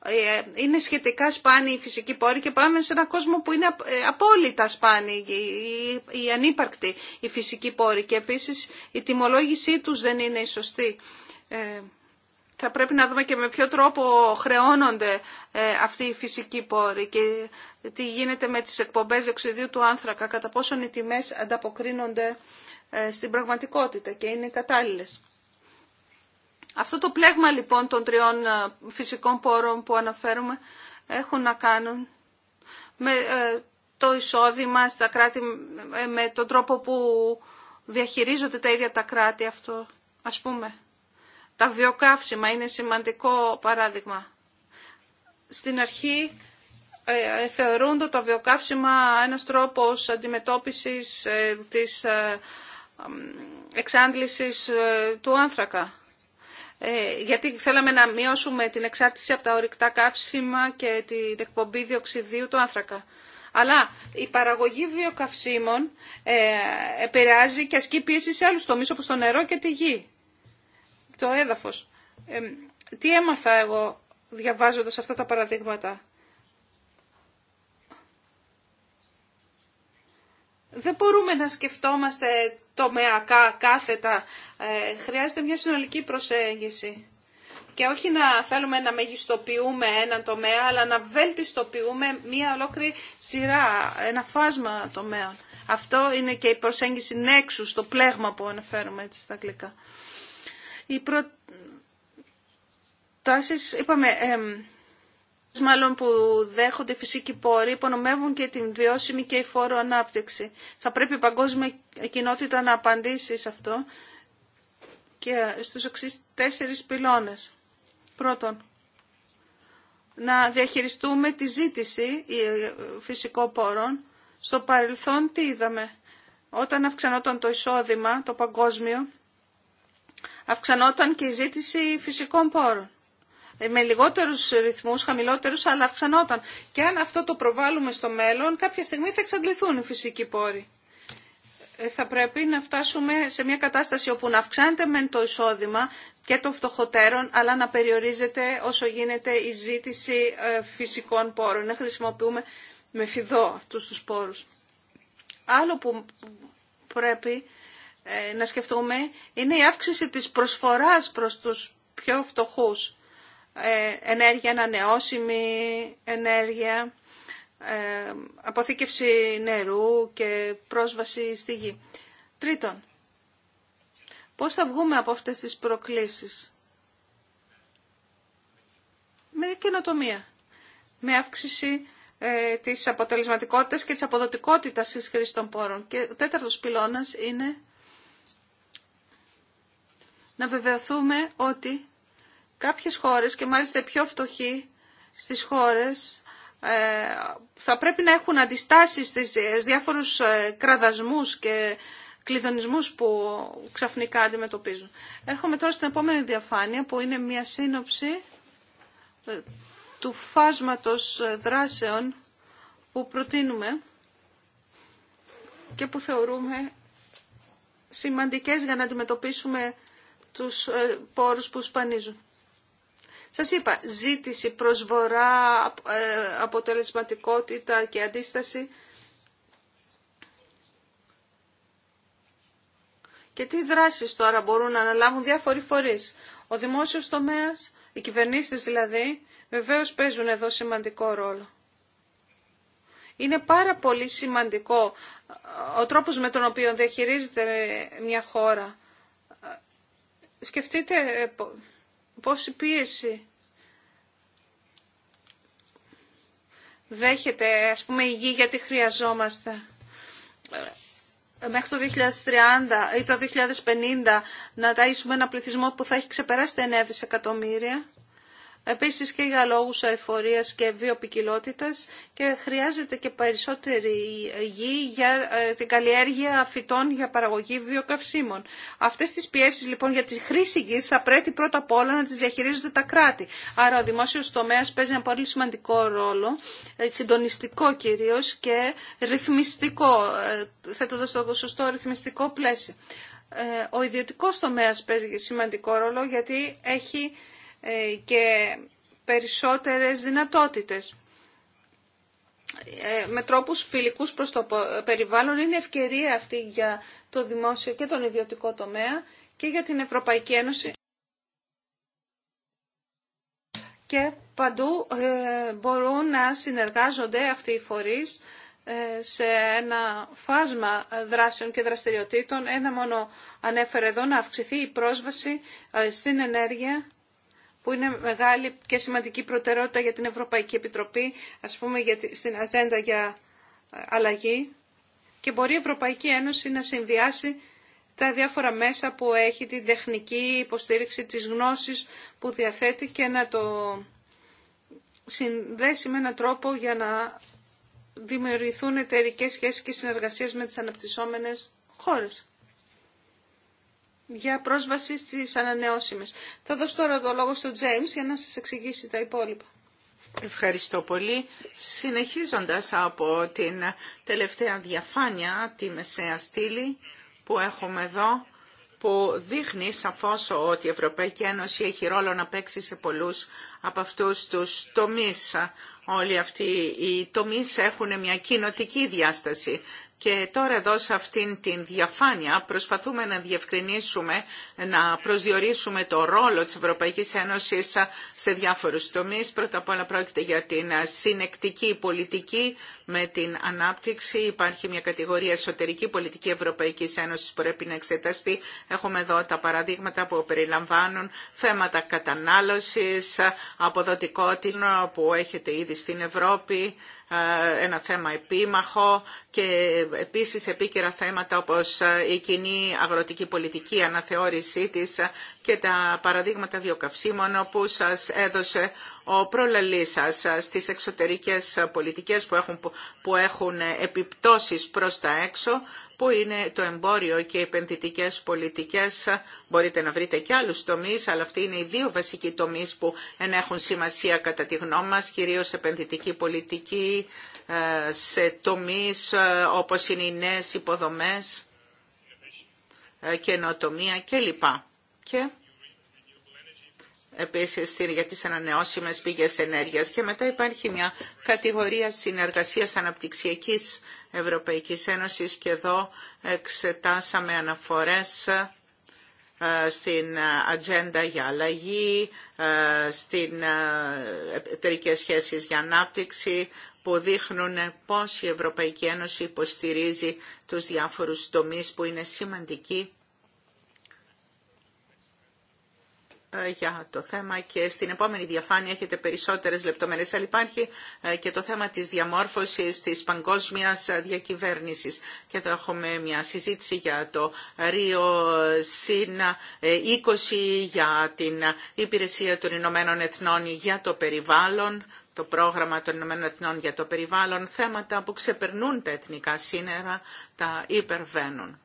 ε, είναι σχετικά σπάνιοι οι φυσικοί πόροι και πάμε σε ένα κόσμο που είναι ε, απόλυτα σπάνιοι οι ανύπαρκτοι οι φυσικοί πόροι και επίσης η τιμολόγησή τους δεν είναι η σωστή. Ε, θα πρέπει να δούμε και με ποιο τρόπο χρεώνονται ε, αυτοί οι φυσικοί πόροι και τι γίνεται με τις εκπομπές διοξιδίου του άνθρακα, κατά πόσον οι τιμές ανταποκρίνονται ε, στην πραγματικότητα και είναι κατάλληλες. Αυτό το πλέγμα λοιπόν των τριών ε, φυσικών πόρων που αναφέρουμε έχουν να κάνουν με το εισόδημα στα κράτη, με τον τρόπο που διαχειρίζονται τα ίδια τα κράτη αυτό, ας πούμε. Τα βιοκαύσιμα είναι σημαντικό παράδειγμα. Στην αρχή ε, θεωρούνται τα βιοκαύσιμα ένας τρόπος αντιμετώπισης ε, της ε, εξάντλησης του άνθρακα. γιατί θέλαμε να μειώσουμε την εξάρτηση από τα ορυκτά καύσιμα και την εκπομπή διοξιδίου του άνθρακα. Αλλά η παραγωγή βιοκαυσίμων επηρεάζει και ασκεί πίεση σε άλλους τομείς όπως το νερό και τη γη το έδαφος. Ε, τι έμαθα εγώ διαβάζοντας αυτά τα παραδείγματα. Δεν μπορούμε να σκεφτόμαστε τομεακά, κάθετα. Ε, χρειάζεται μια συνολική προσέγγιση. Και όχι να θέλουμε να μεγιστοποιούμε έναν τομέα, αλλά να βελτιστοποιούμε μια ολόκληρη σειρά, ένα φάσμα τομέων. Αυτό είναι και η προσέγγιση νέξου στο πλέγμα που αναφέρουμε έτσι στα αγγλικά. Οι προτάσεις, είπαμε, μάλλον που δέχονται φυσικοί πόροι, υπονομεύουν και την βιώσιμη και η φόρο ανάπτυξη. Θα πρέπει η παγκόσμια κοινότητα να απαντήσει σε αυτό και στους εξής τέσσερις πυλώνες. Πρώτον, να διαχειριστούμε τη ζήτηση ε, φυσικών πόρων. Στο παρελθόν τι είδαμε. Όταν αυξανόταν το εισόδημα, το παγκόσμιο, αυξανόταν και η ζήτηση φυσικών πόρων. Ε, με λιγότερους ρυθμούς, χαμηλότερους, αλλά αυξανόταν. Και αν αυτό το προβάλλουμε στο μέλλον, κάποια στιγμή θα εξαντληθούν οι φυσικοί πόροι. Ε, θα πρέπει να φτάσουμε σε μια κατάσταση όπου να αυξάνεται με το εισόδημα και των φτωχοτέρων, αλλά να περιορίζεται όσο γίνεται η ζήτηση ε, φυσικών πόρων. Να χρησιμοποιούμε με φιδό αυτούς τους πόρους. Άλλο που πρέπει ε, να σκεφτούμε είναι η αύξηση της προσφοράς προς τους πιο φτωχούς. Ε, ενέργεια ανανεώσιμη, ενέργεια, ε, αποθήκευση νερού και πρόσβαση στη γη. Τρίτον, πώς θα βγούμε από αυτές τις προκλήσεις. Με καινοτομία, με αύξηση της αποτελεσματικότητας και της αποδοτικότητας της χρήσης των πόρων. Και ο τέταρτος πυλώνας είναι να βεβαιωθούμε ότι κάποιες χώρες και μάλιστα πιο φτωχοί στις χώρες ε, θα πρέπει να έχουν αντιστάσεις στις ε, διάφορους ε, κραδασμούς και κλειδονισμούς που ξαφνικά αντιμετωπίζουν. Έρχομαι τώρα στην επόμενη διαφάνεια που είναι μια σύνοψη του φάσματος δράσεων που προτείνουμε και που θεωρούμε σημαντικές για να αντιμετωπίσουμε τους ε, πόρους που σπανίζουν. Σας είπα, ζήτηση, προσβορά, ε, αποτελεσματικότητα και αντίσταση. Και τι δράσεις τώρα μπορούν να αναλάβουν διάφοροι φορείς. Ο δημόσιος τομέας, οι κυβερνήσεις δηλαδή, βεβαίως παίζουν εδώ σημαντικό ρόλο. Είναι πάρα πολύ σημαντικό ε, ο τρόπος με τον οποίο διαχειρίζεται μια χώρα Σκεφτείτε ε, πόση πίεση δέχεται, ας πούμε, η γη γιατί χρειαζόμαστε ε, μέχρι το 2030 ή το 2050 να ταΐσουμε ένα πληθυσμό που θα έχει ξεπεράσει τα 9 δισεκατομμύρια επίσης και για λόγους αεφορίας και βιοπικιλότητας και χρειάζεται και περισσότερη γη για ε, την καλλιέργεια φυτών για παραγωγή βιοκαυσίμων. Αυτές τις πιέσεις λοιπόν για τη χρήση γης θα πρέπει πρώτα απ' όλα να τις διαχειρίζονται τα κράτη. Άρα ο δημόσιος τομέας παίζει ένα πολύ σημαντικό ρόλο, ε, συντονιστικό κυρίως και ρυθμιστικό, ε, θέτοντα το σωστό ρυθμιστικό πλαίσιο. Ο ιδιωτικός τομέας παίζει σημαντικό ρόλο γιατί έχει ε, και περισσότερες δυνατότητες. Ε, με τρόπους φιλικούς προς το περιβάλλον είναι ευκαιρία αυτή για το δημόσιο και τον ιδιωτικό τομέα και για την Ευρωπαϊκή Ένωση. Και παντού ε, μπορούν να συνεργάζονται αυτοί οι φορείς σε ένα φάσμα δράσεων και δραστηριοτήτων. Ένα μόνο ανέφερε εδώ να αυξηθεί η πρόσβαση στην ενέργεια που είναι μεγάλη και σημαντική προτεραιότητα για την Ευρωπαϊκή Επιτροπή, ας πούμε για, στην ατζέντα για ε, αλλαγή και μπορεί η Ευρωπαϊκή Ένωση να συνδυάσει τα διάφορα μέσα που έχει, την τεχνική υποστήριξη της γνώσης που διαθέτει και να το συνδέσει με έναν τρόπο για να δημιουργηθούν εταιρικές σχέσεις και συνεργασίες με τις αναπτυσσόμενες χώρες για πρόσβαση στις ανανεώσιμες. Θα δώσω τώρα το λόγο στον Τζέιμς για να σας εξηγήσει τα υπόλοιπα. Ευχαριστώ πολύ. Συνεχίζοντας από την τελευταία διαφάνεια, τη μεσαία στήλη που έχουμε εδώ, που δείχνει σαφώς ότι η Ευρωπαϊκή Ένωση έχει ρόλο να παίξει σε πολλούς από αυτούς τους τομείς. Όλοι αυτοί οι τομείς έχουν μια κοινοτική διάσταση. Και τώρα εδώ σε αυτήν την διαφάνεια προσπαθούμε να διευκρινίσουμε, να προσδιορίσουμε το ρόλο της Ευρωπαϊκής Ένωσης σε διάφορους τομείς. Πρώτα απ' όλα πρόκειται για την συνεκτική πολιτική με την ανάπτυξη. Υπάρχει μια κατηγορία εσωτερική πολιτική Ευρωπαϊκής Ένωσης που πρέπει να εξεταστεί. Έχουμε εδώ τα παραδείγματα που περιλαμβάνουν θέματα κατανάλωσης, αποδοτικότητα που έχετε ήδη στην Ευρώπη, ε, ένα θέμα επίμαχο και επίσης επίκαιρα θέματα όπως ε, η κοινή αγροτική πολιτική αναθεώρησή της και τα παραδείγματα βιοκαυσίμων που σας έδωσε ο προλαλής σας στις εξωτερικές πολιτικές που έχουν, που έχουν ε, επιπτώσεις προς τα έξω, που είναι το εμπόριο και οι επενδυτικές πολιτικές. Μπορείτε να βρείτε και άλλους τομείς, αλλά αυτοί είναι οι δύο βασικοί τομείς που ενέχουν σημασία κατά τη γνώμη μας, κυρίως επενδυτική πολιτική ε, σε τομείς ε, όπως είναι οι νέες υποδομές, καινοτομία κλπ. Και επίσης για τις ανανεώσιμες πηγές ενέργειας και μετά υπάρχει μια κατηγορία συνεργασίας αναπτυξιακής Ευρωπαϊκής Ένωσης και εδώ εξετάσαμε αναφορές ε, στην ατζέντα για αλλαγή, ε, στην ε, εταιρικέ σχέσεις για ανάπτυξη, που δείχνουν πώς η Ευρωπαϊκή Ένωση υποστηρίζει τους διάφορους τομείς που είναι σημαντικοί Ε, για το θέμα και στην επόμενη διαφάνεια έχετε περισσότερες λεπτομέρειες, αλλά υπάρχει ε, και το θέμα της διαμόρφωσης της παγκόσμιας ε, διακυβέρνησης και θα έχουμε μια συζήτηση για το Ρίο ΣΥΝ 20 για την Υπηρεσία των Ηνωμένων Εθνών για το περιβάλλον το πρόγραμμα των Ηνωμένων Εθνών για το περιβάλλον, θέματα που ξεπερνούν τα εθνικά σύνερα, τα υπερβαίνουν,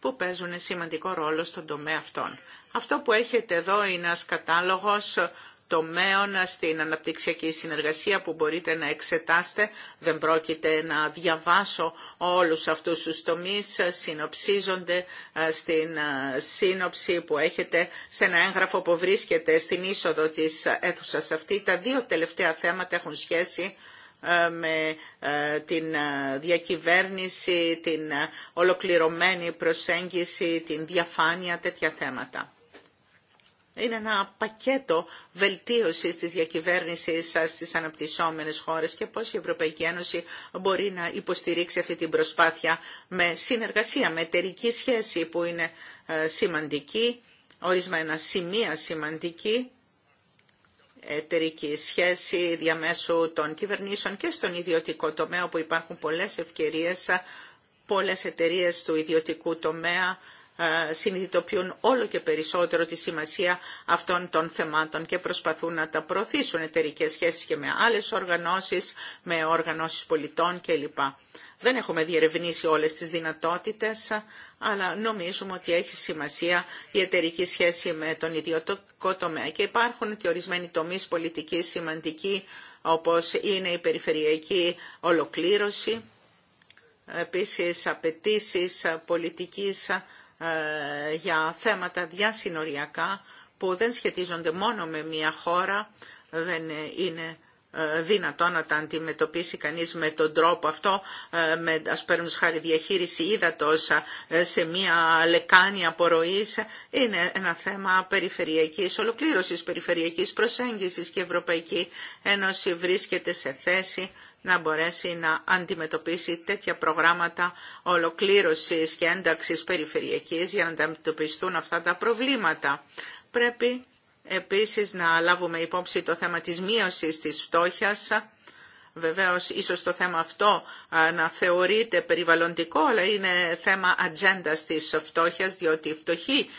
που παίζουν σημαντικό ρόλο στον τομέα αυτών. Αυτό που έχετε εδώ είναι ένας κατάλογος τομέων στην αναπτυξιακή συνεργασία που μπορείτε να εξετάσετε. Δεν πρόκειται να διαβάσω όλους αυτούς τους τομείς, συνοψίζονται ε, στην ε, σύνοψη που έχετε σε ένα έγγραφο που βρίσκεται στην είσοδο της αίθουσας αυτή. Τα δύο τελευταία θέματα έχουν σχέση ε, με την διακυβέρνηση, την ολοκληρωμένη προσέγγιση, την διαφάνεια, τέτοια θέματα είναι ένα πακέτο βελτίωση της διακυβέρνησης στις αναπτυσσόμενες χώρες και πώς η Ευρωπαϊκή Ένωση μπορεί να υποστηρίξει αυτή την προσπάθεια με συνεργασία, με εταιρική σχέση που είναι ε, σημαντική, ορισμένα σημεία σημαντική εταιρική σχέση διαμέσου των κυβερνήσεων και στον ιδιωτικό τομέα όπου υπάρχουν πολλές ευκαιρίες, πολλές εταιρείες του ιδιωτικού τομέα ε, συνειδητοποιούν όλο και περισσότερο τη σημασία αυτών των θεμάτων και προσπαθούν να τα προωθήσουν εταιρικές σχέσεις και με άλλες οργανώσεις, με οργανώσεις πολιτών κλπ. Δεν έχουμε διερευνήσει όλες τις δυνατότητες, αλλά νομίζουμε ότι έχει σημασία η εταιρική σχέση με τον ιδιωτικό τομέα και υπάρχουν και ορισμένοι τομείς πολιτική σημαντικοί όπως είναι η περιφερειακή ολοκλήρωση, επίσης απαιτήσει πολιτικής ε, για θέματα διασυνοριακά που δεν σχετίζονται μόνο με μια χώρα, δεν είναι ε, δυνατό να τα αντιμετωπίσει κανείς με τον τρόπο αυτό, ε, με, ας παίρνουμε χάρη διαχείριση ύδατος σε μια λεκάνη απορροής, είναι ένα θέμα περιφερειακής ολοκλήρωσης, περιφερειακής προσέγγισης και η Ευρωπαϊκή Ένωση βρίσκεται σε θέση να μπορέσει να αντιμετωπίσει τέτοια προγράμματα ολοκλήρωσης και ένταξης περιφερειακής για να αντιμετωπιστούν αυτά τα προβλήματα. Πρέπει επίσης να λάβουμε υπόψη το θέμα της μείωσης της φτώχειας. Βεβαίως, ίσως το θέμα αυτό να θεωρείται περιβαλλοντικό, αλλά είναι θέμα ατζέντα της φτώχεια, διότι οι φτωχοί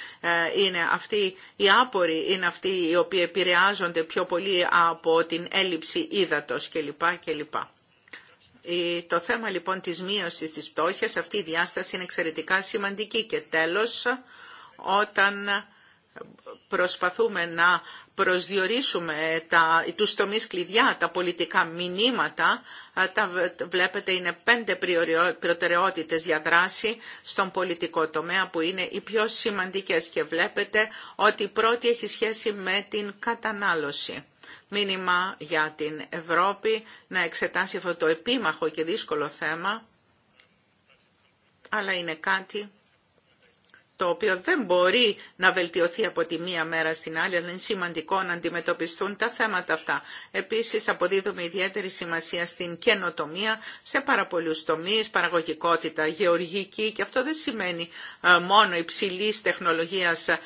είναι οι άποροι είναι αυτοί οι οποίοι επηρεάζονται πιο πολύ από την έλλειψη ύδατος κλπ. Το θέμα λοιπόν της μείωσης της πτώχειας, αυτή η διάσταση είναι εξαιρετικά σημαντική και τέλος όταν προσπαθούμε να προσδιορίσουμε τα, τους τομείς κλειδιά, τα πολιτικά μηνύματα, τα βλέπετε είναι πέντε προτεραιότητες για δράση στον πολιτικό τομέα που είναι οι πιο σημαντικές και βλέπετε ότι η πρώτη έχει σχέση με την κατανάλωση. Μήνυμα για την Ευρώπη να εξετάσει αυτό το επίμαχο και δύσκολο θέμα, αλλά είναι κάτι το οποίο δεν μπορεί να βελτιωθεί από τη μία μέρα στην άλλη, αλλά είναι σημαντικό να αντιμετωπιστούν τα θέματα αυτά. Επίσης, αποδίδουμε ιδιαίτερη σημασία στην καινοτομία σε πάρα πολλούς τομείς, παραγωγικότητα, γεωργική και αυτό δεν σημαίνει ε, μόνο υψηλή τεχνολογίας ε,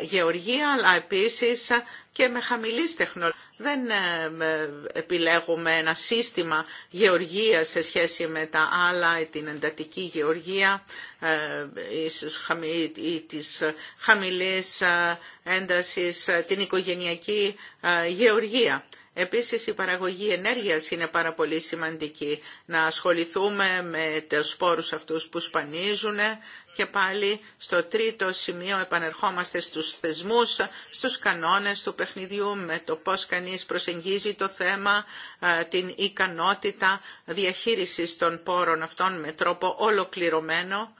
γεωργία, αλλά επίσης ε, και με χαμηλή τεχνολογία. Δεν επιλέγουμε ένα σύστημα γεωργία σε σχέση με τα άλλα, την εντατική γεωργία. Ε, ίσως ή της χαμηλής ε, έντασης ε, την οικογενειακή γεωργία. Επίσης η παραγωγή ενέργειας είναι πάρα πολύ σημαντική. Να ασχοληθούμε με τους σπόρους αυτούς που σπανίζουν και πάλι στο τρίτο σημείο επανερχόμαστε στους θεσμούς, στους κανόνες του παιχνιδιού με το πώς κανείς προσεγγίζει το θέμα, την ικανότητα διαχείρισης των πόρων αυτών με τρόπο ολοκληρωμένο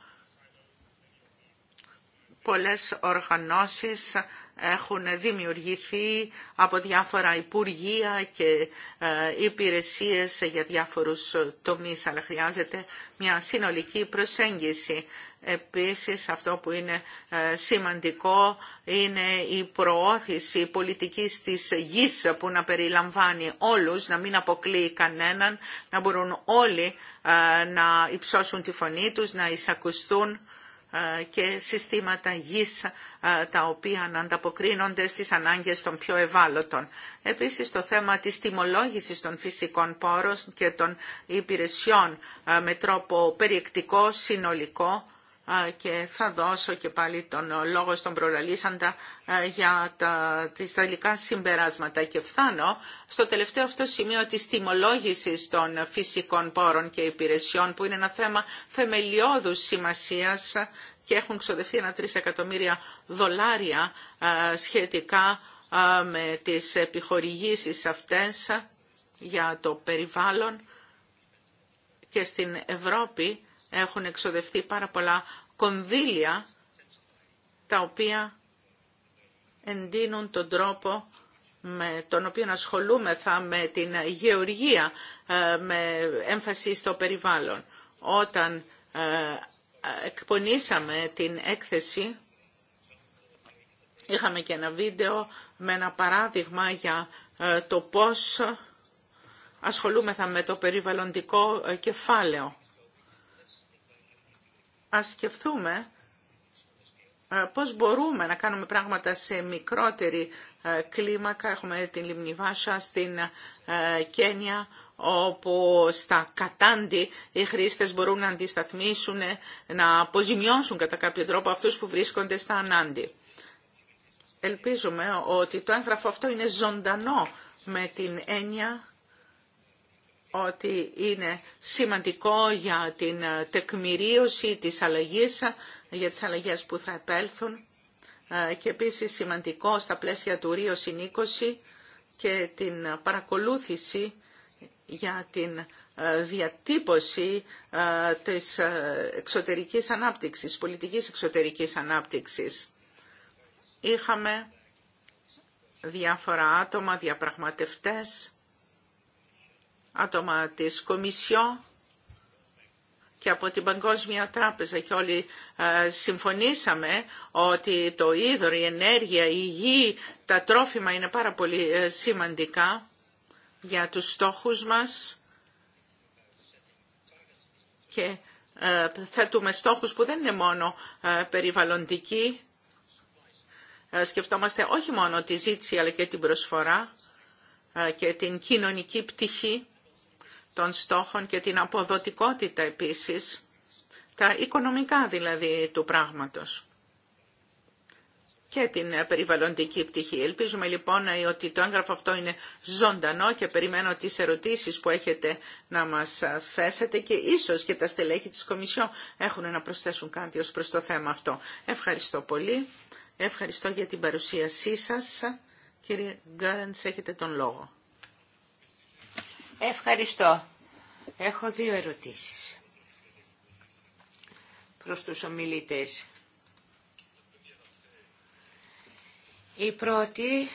Πολλές οργανώσεις έχουν δημιουργηθεί από διάφορα υπουργεία και ε, υπηρεσίες για διάφορους τομείς, αλλά χρειάζεται μια συνολική προσέγγιση. Επίσης, αυτό που είναι ε, σημαντικό είναι η προώθηση πολιτικής της γης που να περιλαμβάνει όλους, να μην αποκλείει κανέναν, να μπορούν όλοι ε, να υψώσουν τη φωνή τους, να εισακουστούν ε, και συστήματα γης ε, τα οποία να ανταποκρίνονται στις ανάγκες των πιο ευάλωτων. Επίσης το θέμα της τιμολόγησης των φυσικών πόρων και των υπηρεσιών ε, με τρόπο περιεκτικό, συνολικό και θα δώσω και πάλι τον λόγο στον προλαλήσαντα για τα, τις τελικά συμπεράσματα και φθάνω στο τελευταίο αυτό σημείο της τιμολόγησης των φυσικών πόρων και υπηρεσιών που είναι ένα θέμα θεμελιώδους σημασίας και έχουν ξοδευτεί ένα 3 εκατομμύρια δολάρια σχετικά με τις επιχορηγήσεις αυτές για το περιβάλλον και στην Ευρώπη έχουν εξοδευτεί πάρα πολλά κονδύλια τα οποία εντείνουν τον τρόπο με τον οποίο ασχολούμεθα με την γεωργία ε, με έμφαση στο περιβάλλον. Όταν ε, εκπονήσαμε την έκθεση είχαμε και ένα βίντεο με ένα παράδειγμα για ε, το πώς ασχολούμεθα με το περιβαλλοντικό κεφάλαιο ας σκεφτούμε ε, πώς μπορούμε να κάνουμε πράγματα σε μικρότερη ε, κλίμακα. Έχουμε την Λιμνή στην ε, Κένια, όπου στα κατάντι οι χρήστες μπορούν να αντισταθμίσουν, να αποζημιώσουν κατά κάποιο τρόπο αυτούς που βρίσκονται στα ανάντι. Ελπίζουμε ότι το έγγραφο αυτό είναι ζωντανό με την έννοια ότι είναι σημαντικό για την ε, τεκμηρίωση της αλλαγής, ε, για τις αλλαγές που θα επέλθουν ε, και επίσης σημαντικό στα πλαίσια του Ρίο Συνήκωση και την παρακολούθηση για την διατύπωση της εξωτερικής ανάπτυξης, πολιτικής εξωτερικής ανάπτυξης. Είχαμε διάφορα άτομα, διαπραγματευτές, άτομα της Κομισιό και από την Παγκόσμια Τράπεζα και όλοι ε, συμφωνήσαμε ότι το είδωρο, η ενέργεια, η γη, τα τρόφιμα είναι πάρα πολύ ε, σημαντικά για τους στόχους μας και ε, θέτουμε στόχους που δεν είναι μόνο περιβαλλοντικοί. Σκεφτόμαστε όχι μόνο τη ζήτηση αλλά και την προσφορά και την κοινωνική πτυχή των στόχων και την αποδοτικότητα επίσης, τα οικονομικά δηλαδή του πράγματος και την ε, περιβαλλοντική πτυχή. Ελπίζουμε λοιπόν ε, ότι το έγγραφο αυτό είναι ζωντανό και περιμένω τις ερωτήσεις που έχετε να μας ε, θέσετε και ίσως και τα στελέχη της Κομισιό έχουν να προσθέσουν κάτι ως προς το θέμα αυτό. Ευχαριστώ πολύ. Ευχαριστώ για την παρουσίασή σας. Κύριε Γκάραντς, έχετε τον λόγο. Ευχαριστώ. Έχω δύο ερωτήσεις προς τους ομιλητές. Η πρώτη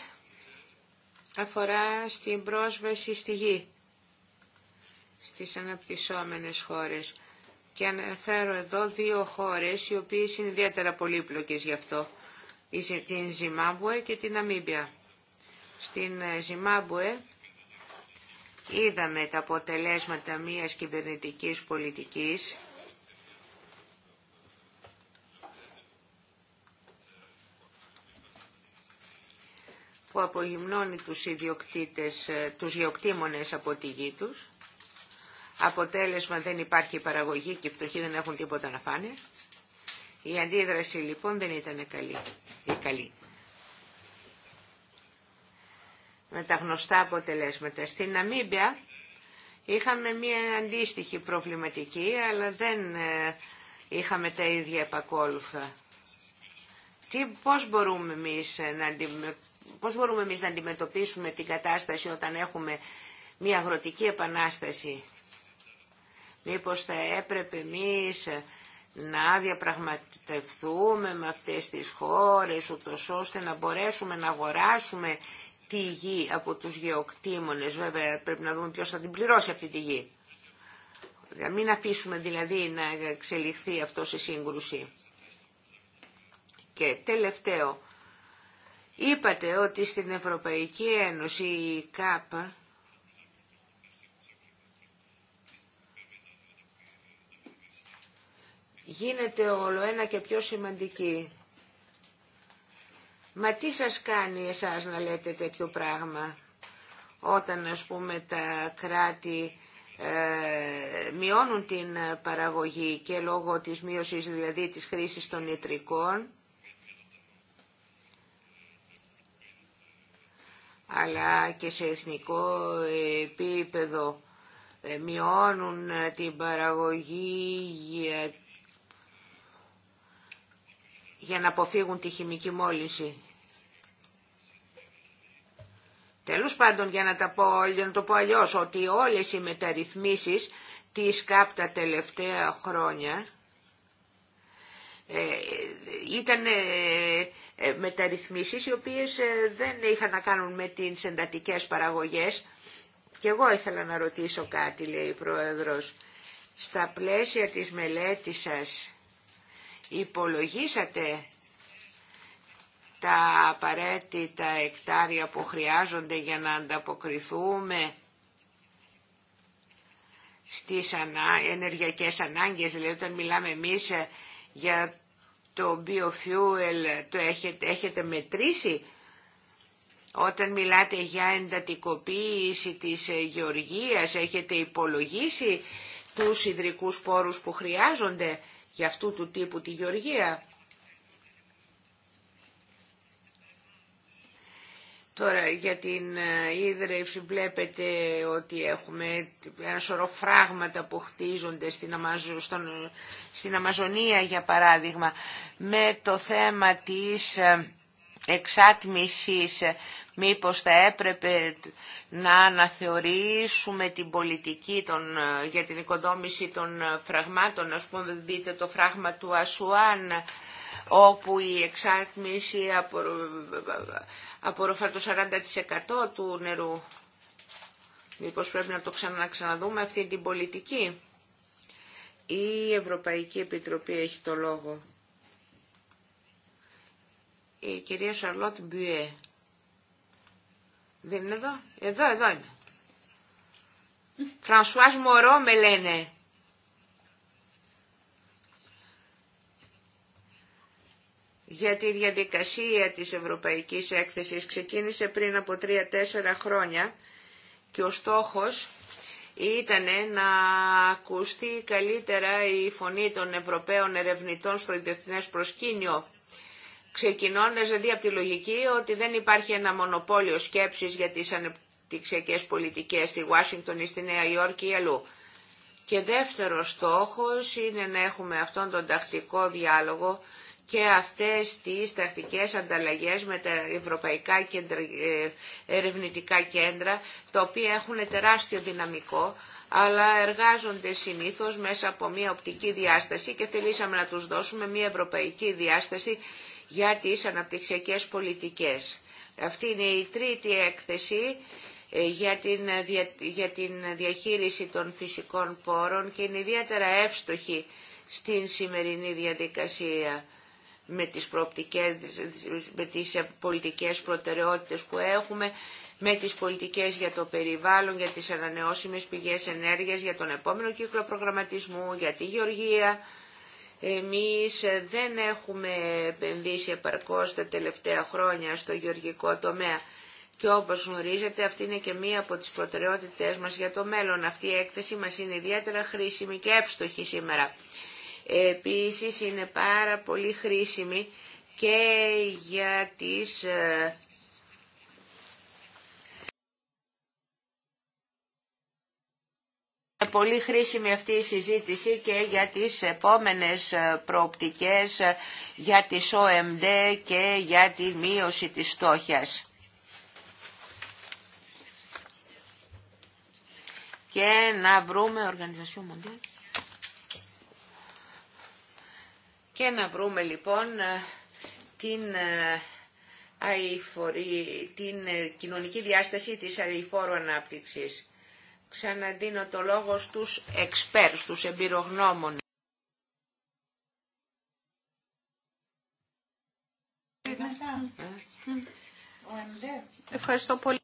αφορά στην πρόσβαση στη γη στις αναπτυσσόμενες χώρες. Και αναφέρω εδώ δύο χώρες οι οποίες είναι ιδιαίτερα πολύπλοκες γι' αυτό. Την Ζιμάμπουε και την Αμίμπια. Στην ε, Ζιμάμπουε Είδαμε τα αποτελέσματα μιας κυβερνητικής πολιτικής που απογυμνώνει τους ιδιοκτήτες, ε, τους γεωκτήμονες από τη γη τους. Αποτέλεσμα δεν υπάρχει παραγωγή και οι φτωχοί δεν έχουν τίποτα να φάνε. Η αντίδραση λοιπόν δεν ήταν καλή. καλή. με τα γνωστά αποτελέσματα. Στην Ναμίμπια είχαμε μία αντίστοιχη προβληματική, αλλά δεν ε, είχαμε τα ίδια επακόλουθα. Τι, πώς, μπορούμε εμείς ε, να αντιμε... πώς μπορούμε εμείς αντιμετωπίσουμε την κατάσταση όταν έχουμε μία αγροτική επανάσταση. Μήπως θα έπρεπε εμείς ε, να διαπραγματευτούμε με αυτές τις χώρες, ούτως ώστε να μπορέσουμε να αγοράσουμε τη γη από τους γεωκτήμονες. Βέβαια πρέπει να δούμε ποιος θα την πληρώσει αυτή τη γη. Να μην αφήσουμε δηλαδή να εξελιχθεί αυτό σε σύγκρουση. Και τελευταίο, είπατε ότι στην Ευρωπαϊκή Ένωση η ΚΑΠΑ γίνεται όλο ένα και πιο σημαντική. Μα τι σας κάνει εσάς να λέτε τέτοιο πράγμα όταν ας πούμε τα κράτη ε, μειώνουν την παραγωγή και λόγω της μείωσης δηλαδή της χρήσης των νητρικών αλλά και σε εθνικό επίπεδο ε, μειώνουν την παραγωγή για να αποφύγουν τη χημική μόλυνση. Τέλος πάντων, για να, τα πω, για το πω αλλιώς, ότι όλες οι μεταρρυθμίσεις της ΚΑΠ τα τελευταία χρόνια ε, ήταν ε, ε, μεταρρυθμίσεις οι οποίες ε, δεν είχαν να κάνουν με τις εντατικές παραγωγές. Και εγώ ήθελα να ρωτήσω κάτι, λέει η Πρόεδρος. Στα πλαίσια της μελέτης σας, υπολογίσατε τα απαραίτητα εκτάρια που χρειάζονται για να ανταποκριθούμε στις ανά, ενεργειακές ανάγκες, δηλαδή όταν μιλάμε εμείς για το biofuel, το έχετε, έχετε μετρήσει όταν μιλάτε για εντατικοποίηση της γεωργίας, έχετε υπολογίσει τους ιδρικούς πόρους που χρειάζονται για αυτού του τύπου τη γεωργία. Τώρα για την ε, ίδρυψη βλέπετε ότι έχουμε ένα σωρό φράγματα που χτίζονται στην, στην Αμαζονία για παράδειγμα με το θέμα της ε, εξάτμισης μήπως θα έπρεπε να αναθεωρήσουμε την πολιτική των, για την οικοδόμηση των φραγμάτων, ας πούμε δείτε το φράγμα του Ασουάν, όπου η εξάτμιση απορροφά το 40% του νερού. Μήπως πρέπει να το ξαναξαναδούμε αυτή την πολιτική. Η Ευρωπαϊκή Επιτροπή έχει το λόγο η κυρία Σαρλότ Μπιουέ. Δεν είναι εδώ. Εδώ, εδώ είμαι. Φρανσουάζ Μωρό με λένε. γιατί η διαδικασία της Ευρωπαϊκής Έκθεσης ξεκίνησε πριν απο τρια τρία-τέσσερα χρόνια και ο στόχος ήταν να ακουστεί καλύτερα η φωνή των Ευρωπαίων ερευνητών στο διεθνές προσκήνιο ξεκινώντα δηλαδή από τη λογική ότι δεν υπάρχει ένα μονοπόλιο σκέψη για τι ανεπτυξιακέ πολιτικέ στη Ουάσιγκτον ή στη Νέα Υόρκη ή αλλού. Και δεύτερο στόχο είναι να έχουμε αυτόν τον τακτικό διάλογο και αυτές τις τακτικές ανταλλαγές με τα ευρωπαϊκά κέντρα, ε, ερευνητικά κέντρα, τα οποία έχουν τεράστιο δυναμικό, αλλά εργάζονται συνήθως μέσα από μια οπτική διάσταση και θελήσαμε να τους δώσουμε μια ευρωπαϊκή διάσταση για τις αναπτυξιακές πολιτικές. Αυτή είναι η τρίτη έκθεση ε, για την, ε, για διαχείριση των φυσικών πόρων και είναι ιδιαίτερα εύστοχη στην σημερινή διαδικασία με τις, προοπτικές, με τις πολιτικές προτεραιότητες που έχουμε, με τις πολιτικές για το περιβάλλον, για τις ανανεώσιμες πηγές ενέργειας, για τον επόμενο κύκλο προγραμματισμού, για τη γεωργία, εμείς δεν έχουμε επενδύσει επαρκώς τα τελευταία χρόνια στο γεωργικό τομέα και όπως γνωρίζετε αυτή είναι και μία από τις προτεραιότητες μας για το μέλλον. Αυτή η έκθεση μας είναι ιδιαίτερα χρήσιμη και εύστοχη σήμερα. Επίσης είναι πάρα πολύ χρήσιμη και για τις ε, πολύ χρήσιμη αυτή η συζήτηση και για τις επόμενες ε, προοπτικές ε, για τις ΟΜΔ και για τη μείωση της στόχιας. Και να βρούμε οργανισμό Και να βρούμε λοιπόν ε, την, την κοινωνική διάσταση της αηφόρου ανάπτυξης. Ξαναδίνω το λόγο στους εξπέρ, στους εμπειρογνώμων. Ευχαριστώ πολύ.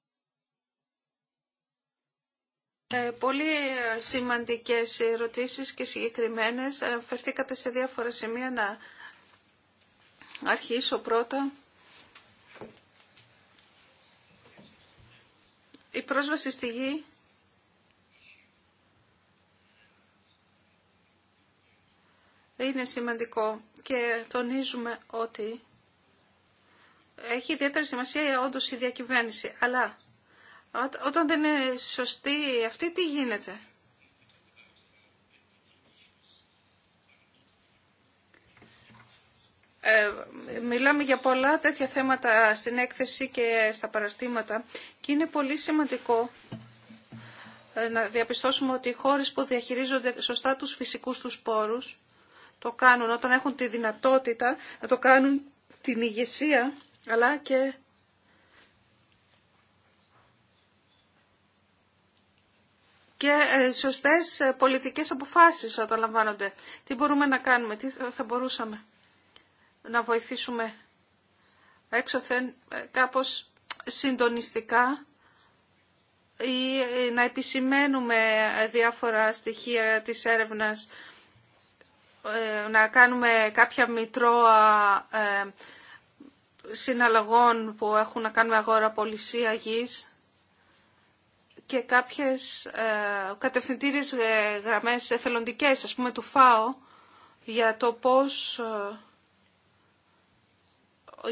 Ε, πολύ σημαντικές ερωτήσεις και συγκεκριμένες. Αναφερθήκατε σε διάφορα σημεία να αρχίσω πρώτα. Η πρόσβαση στη γη είναι σημαντικό και τονίζουμε ότι έχει ιδιαίτερη σημασία όντω η διακυβέρνηση. Αλλά όταν δεν είναι σωστή αυτή, τι γίνεται. Ε, μιλάμε για πολλά τέτοια θέματα στην έκθεση και στα παραστήματα και είναι πολύ σημαντικό ε, να διαπιστώσουμε ότι οι χώρες που διαχειρίζονται σωστά τους φυσικούς τους πόρους το κάνουν όταν έχουν τη δυνατότητα να το κάνουν την ηγεσία αλλά και και ε, σωστές ε, πολιτικές αποφάσεις όταν λαμβάνονται. Τι μπορούμε να κάνουμε, τι θα μπορούσαμε να βοηθήσουμε έξωθεν ε, κάπως συντονιστικά ή να επισημαίνουμε διάφορα στοιχεία της έρευνας ε, να κάνουμε κάποια μητρώα ε, συναλλαγών που έχουν να κάνουν με αγοραπολισία γης και κάποιες ε, κατευθυντήριες γραμμές εθελοντικές, ας πούμε, του ΦΑΟ για το πώς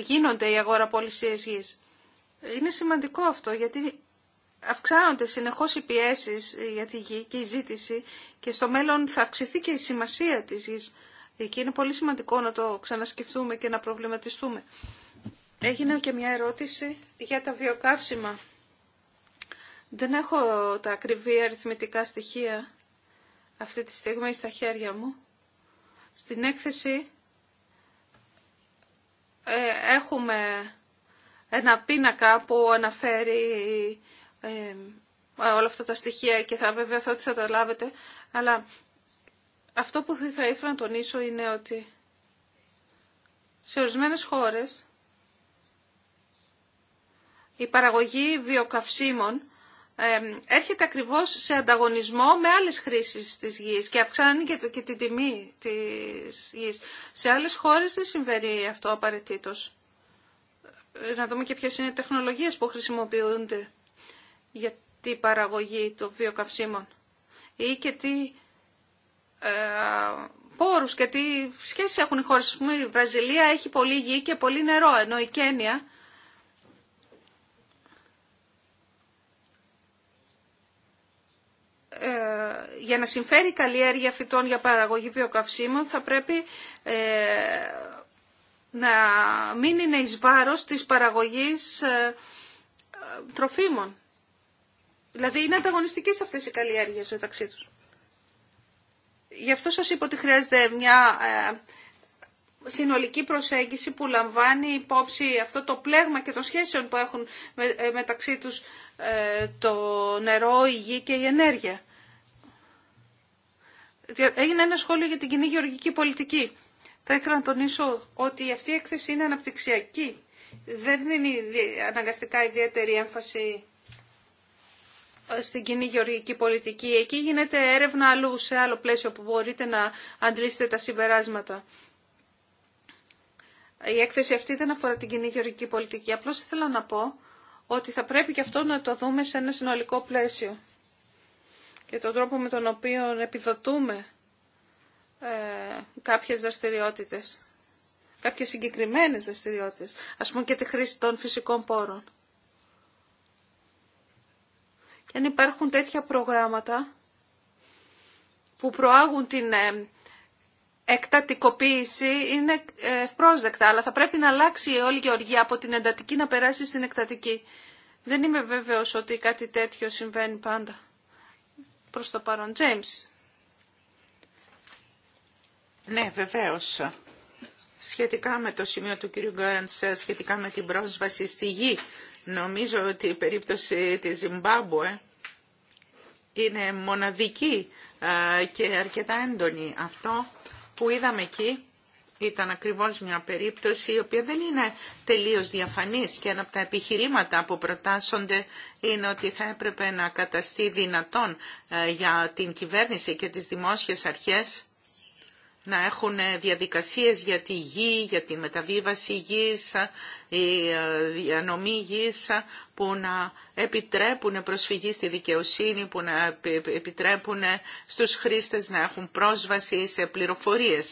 γίνονται οι αγοραπολισίες γης. Είναι σημαντικό αυτό γιατί αυξάνονται συνεχώς οι πιέσεις για τη γη και η ζήτηση και στο μέλλον θα αυξηθεί και η σημασία της γης. Εκεί είναι πολύ σημαντικό να το ξανασκεφτούμε και να προβληματιστούμε. Έγινε και μια ερώτηση για τα βιοκαύσιμα. Δεν έχω τα ακριβή αριθμητικά στοιχεία αυτή τη στιγμή στα χέρια μου. Στην έκθεση ε, έχουμε ένα πίνακα που αναφέρει όλα αυτά τα στοιχεία και θα βεβαιωθώ ότι θα τα λάβετε. Αλλά αυτό που θα ήθελα να τονίσω είναι ότι σε ορισμένες χώρες η παραγωγή βιοκαυσίμων έρχεται ακριβώς σε ανταγωνισμό με άλλες χρήσεις της γης και αυξάνει και, την τιμή της γης. Σε άλλες χώρες δεν συμβαίνει αυτό απαραίτητος Να δούμε και ποιες είναι οι τεχνολογίες που χρησιμοποιούνται για την παραγωγή των βιοκαυσίμων ή και τι ε, πόρους και τι σχέσεις έχουν οι χώρες. η Βραζιλία έχει πολύ γη και πολύ νερό, ενώ η Κένια ε, για να συμφέρει η καλλιέργεια φυτών για παραγωγή βιοκαυσίμων θα πρέπει ε, να μην είναι εις βάρος της παραγωγής τροφίμων. Δηλαδή είναι ανταγωνιστικές αυτές οι καλλιέργειες μεταξύ τους. Γι' αυτό σας είπα ότι χρειάζεται μια ε, συνολική προσέγγιση που λαμβάνει υπόψη αυτό το πλέγμα και των σχέσεων που έχουν ε, μεταξύ τους ε, το νερό, η γη και η ενέργεια. Έγινε ένα σχόλιο για την κοινή γεωργική πολιτική. Θα ήθελα να τονίσω ότι αυτή η έκθεση είναι αναπτυξιακή. Δεν είναι αναγκαστικά ιδιαίτερη έμφαση στην κοινή γεωργική πολιτική. Εκεί γίνεται έρευνα αλλού σε άλλο πλαίσιο που μπορείτε να αντλήσετε τα συμπεράσματα. Η έκθεση αυτή δεν αφορά την κοινή γεωργική πολιτική. Απλώς ήθελα να πω ότι θα πρέπει και αυτό να το δούμε σε ένα συνολικό πλαίσιο και τον τρόπο με τον οποίο επιδοτούμε ε, κάποιες δραστηριότητες, κάποιες συγκεκριμένες δραστηριότητες, ας πούμε και τη χρήση των φυσικών πόρων. Και υπάρχουν τέτοια προγράμματα που προάγουν την ε, εκτατικοποίηση είναι ε, ευπρόσδεκτα, αλλά θα πρέπει να αλλάξει η όλη γεωργία από την εντατική να περάσει στην εκτατική. Δεν είμαι βέβαιος ότι κάτι τέτοιο συμβαίνει πάντα. Προς το παρόν. James. Ναι, βεβαίως. Σχετικά με το σημείο του κ. Γκόραντς, ε, σχετικά με την πρόσβαση στη γη Νομίζω ότι η περίπτωση της Ζιμπάμπουε είναι μοναδική και αρκετά έντονη. Αυτό που είδαμε εκεί ήταν ακριβώς μια περίπτωση η οποία δεν είναι τελείως διαφανής και ένα από τα επιχειρήματα που προτάσσονται είναι ότι θα έπρεπε να καταστεί δυνατόν για την κυβέρνηση και τις δημόσιες αρχές να έχουν ε, διαδικασίες για τη γη, για τη μεταβίβαση γης, ε, η ε, διανομή γης που να επιτρέπουν προσφυγή στη δικαιοσύνη, που να επιτρέπουν στους χρήστες να έχουν πρόσβαση σε πληροφορίες.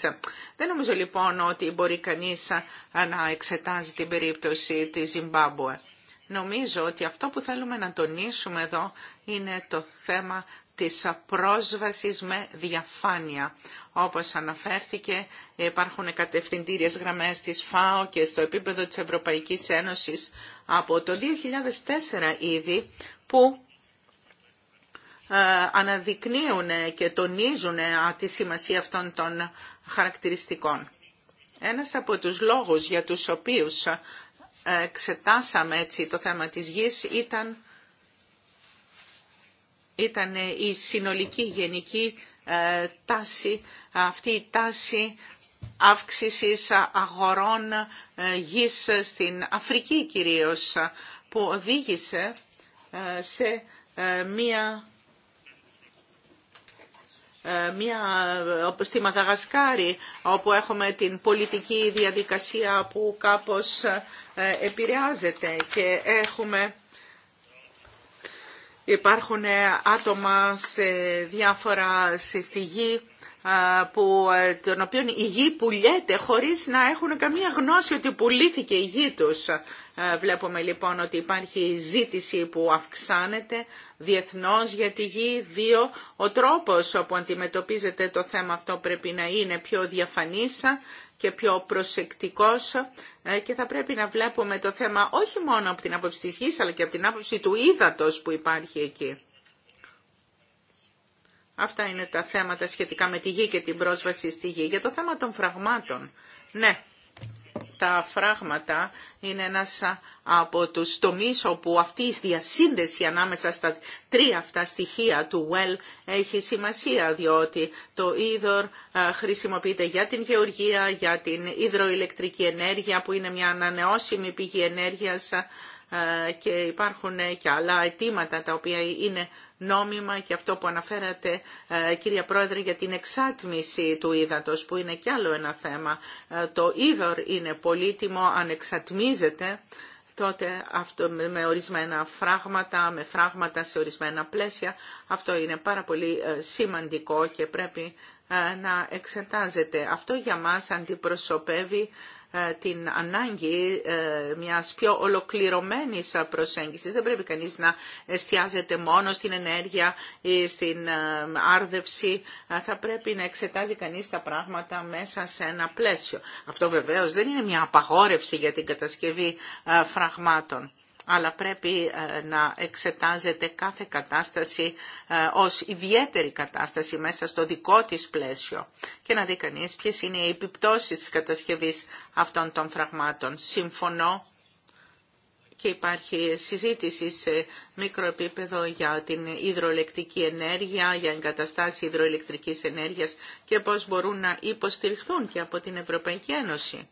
Δεν νομίζω λοιπόν ότι μπορεί κανείς να εξετάζει την περίπτωση της Ζιμπάμπουε. Νομίζω ότι αυτό που θέλουμε να τονίσουμε εδώ είναι το θέμα της πρόσβασης με διαφάνεια. Όπως αναφέρθηκε, υπάρχουν κατευθυντήριες γραμμές της ΦΑΟ και στο επίπεδο της Ευρωπαϊκής Ένωσης από το 2004 ήδη, που ε, αναδεικνύουν και τονίζουν ε, τη σημασία αυτών των χαρακτηριστικών. Ένας από τους λόγους για τους οποίους ε, εξετάσαμε έτσι το θέμα της γης ήταν ήταν η συνολική γενική ε, τάση, αυτή η τάση αύξησης αγορών ε, γης στην Αφρική κυρίως, που οδήγησε ε, σε μία μια, στη Μαδαγασκάρη όπου έχουμε την πολιτική διαδικασία που κάπως επηρεάζεται και έχουμε Υπάρχουν ε, άτομα σε διάφορα στη γη που, ε, των οποίων η γη πουλιέται χωρίς να έχουν καμία γνώση ότι πουλήθηκε η γη τους. Βλέπουμε λοιπόν ότι υπάρχει ζήτηση που αυξάνεται διεθνώς για τη γη. Δύο, ο τρόπος όπου αντιμετωπίζεται το θέμα αυτό πρέπει να είναι πιο διαφανής και πιο προσεκτικός ε, και θα πρέπει να βλέπουμε το θέμα όχι μόνο από την άποψη της γης αλλά και από την άποψη του ύδατος που υπάρχει εκεί. Αυτά είναι τα θέματα σχετικά με τη γη και την πρόσβαση στη γη. Για το θέμα των φραγμάτων. Ναι, τα φράγματα είναι ένας από τους τομείς όπου αυτή η διασύνδεση ανάμεσα στα τρία αυτά στοιχεία του WELL έχει σημασία, διότι το είδωρ ε, χρησιμοποιείται για την γεωργία, για την υδροηλεκτρική ενέργεια που είναι μια ανανεώσιμη πηγή ενέργειας ε, και υπάρχουν και άλλα αιτήματα τα οποία είναι νόμιμα και αυτό που αναφέρατε ε, κυρία Πρόεδρε για την εξάτμιση του ύδατος που είναι και άλλο ένα θέμα. Ε, το είδωρ είναι πολύτιμο αν εξατμίζεται τότε αυτό με ορισμένα φράγματα, με φράγματα σε ορισμένα πλαίσια. Αυτό είναι πάρα πολύ σημαντικό και πρέπει να εξετάζεται. Αυτό για μας αντιπροσωπεύει ε, την ανάγκη ε, μιας πιο ολοκληρωμένης προσέγγισης. Δεν πρέπει κανείς να εστιάζεται μόνο στην ενέργεια ή στην ε, άρδευση. Θα πρέπει να εξετάζει κανείς τα πράγματα μέσα σε ένα πλαίσιο. Αυτό βεβαίως δεν είναι μια απαγόρευση για την κατασκευή φραγμάτων αλλά πρέπει ε, να εξετάζεται κάθε κατάσταση ε, ως ιδιαίτερη κατάσταση μέσα στο δικό της πλαίσιο και να δει κανεί ποιες είναι οι επιπτώσεις της κατασκευής αυτών των φραγμάτων. Συμφωνώ και υπάρχει συζήτηση σε μικρό επίπεδο για την υδροελεκτρική ενέργεια, για εγκαταστάσεις υδροελεκτρικής ενέργειας και πώς μπορούν να υποστηριχθούν και από την Ευρωπαϊκή Ένωση.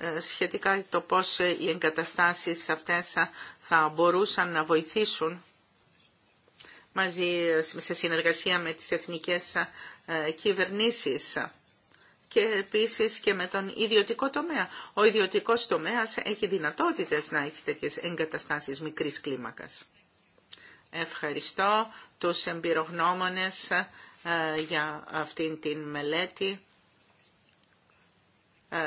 Ε, σχετικά το πώς ε, οι εγκαταστάσεις αυτές ε, θα μπορούσαν να βοηθήσουν μαζί σε συνεργασία με τις εθνικές κυβερνήσεις και επίσης και με τον ιδιωτικό τομέα. Ο ιδιωτικός τομέας έχει δυνατότητες να έχει τέτοιες εγκαταστάσεις μικρής κλίμακας. Ευχαριστώ τους εμπειρογνώμονες για αυτήν την μελέτη ε,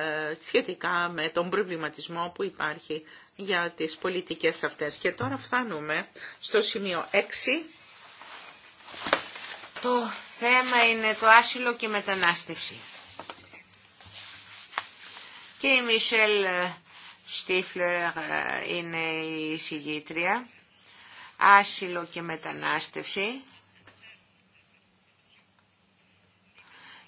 σχετικά με τον προβληματισμό που υπάρχει για τις πολιτικές αυτές. Και τώρα φτάνουμε στο σημείο 6. Το θέμα είναι το άσυλο και μετανάστευση. Και η Μισελ ε, Στίφλερ ε, είναι η συγγήτρια. Άσυλο και μετανάστευση.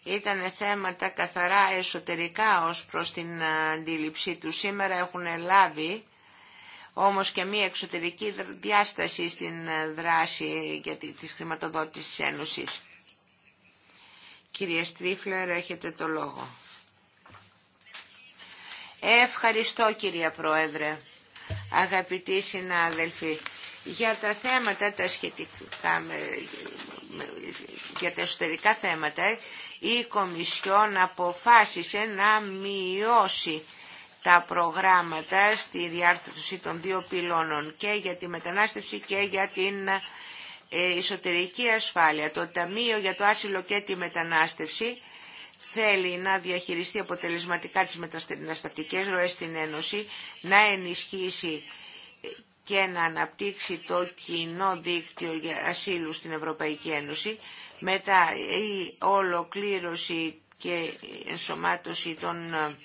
ήταν θέματα καθαρά εσωτερικά ως προς την αντίληψή του. Σήμερα έχουν λάβει όμως και μία εξωτερική διάσταση στην δράση για της χρηματοδότησης Ένωσης. Κυρία Στρίφλερ, έχετε το λόγο. Ευχαριστώ κυρία Πρόεδρε, αγαπητοί συνάδελφοι, για τα θέματα τα σχετικά με, για τα εσωτερικά θέματα η Κομισιόν αποφάσισε να μειώσει τα προγράμματα στη διάρθρωση των δύο πυλώνων και για τη μετανάστευση και για την ε, εσωτερική ασφάλεια. Το Ταμείο για το Άσυλο και τη Μετανάστευση θέλει να διαχειριστεί αποτελεσματικά τις μεταναστευτικές ροές στην Ένωση, να ενισχύσει και να αναπτύξει το κοινό δίκτυο ασύλου στην Ευρωπαϊκή Ένωση μετά η ολοκλήρωση και ενσωμάτωση των ε,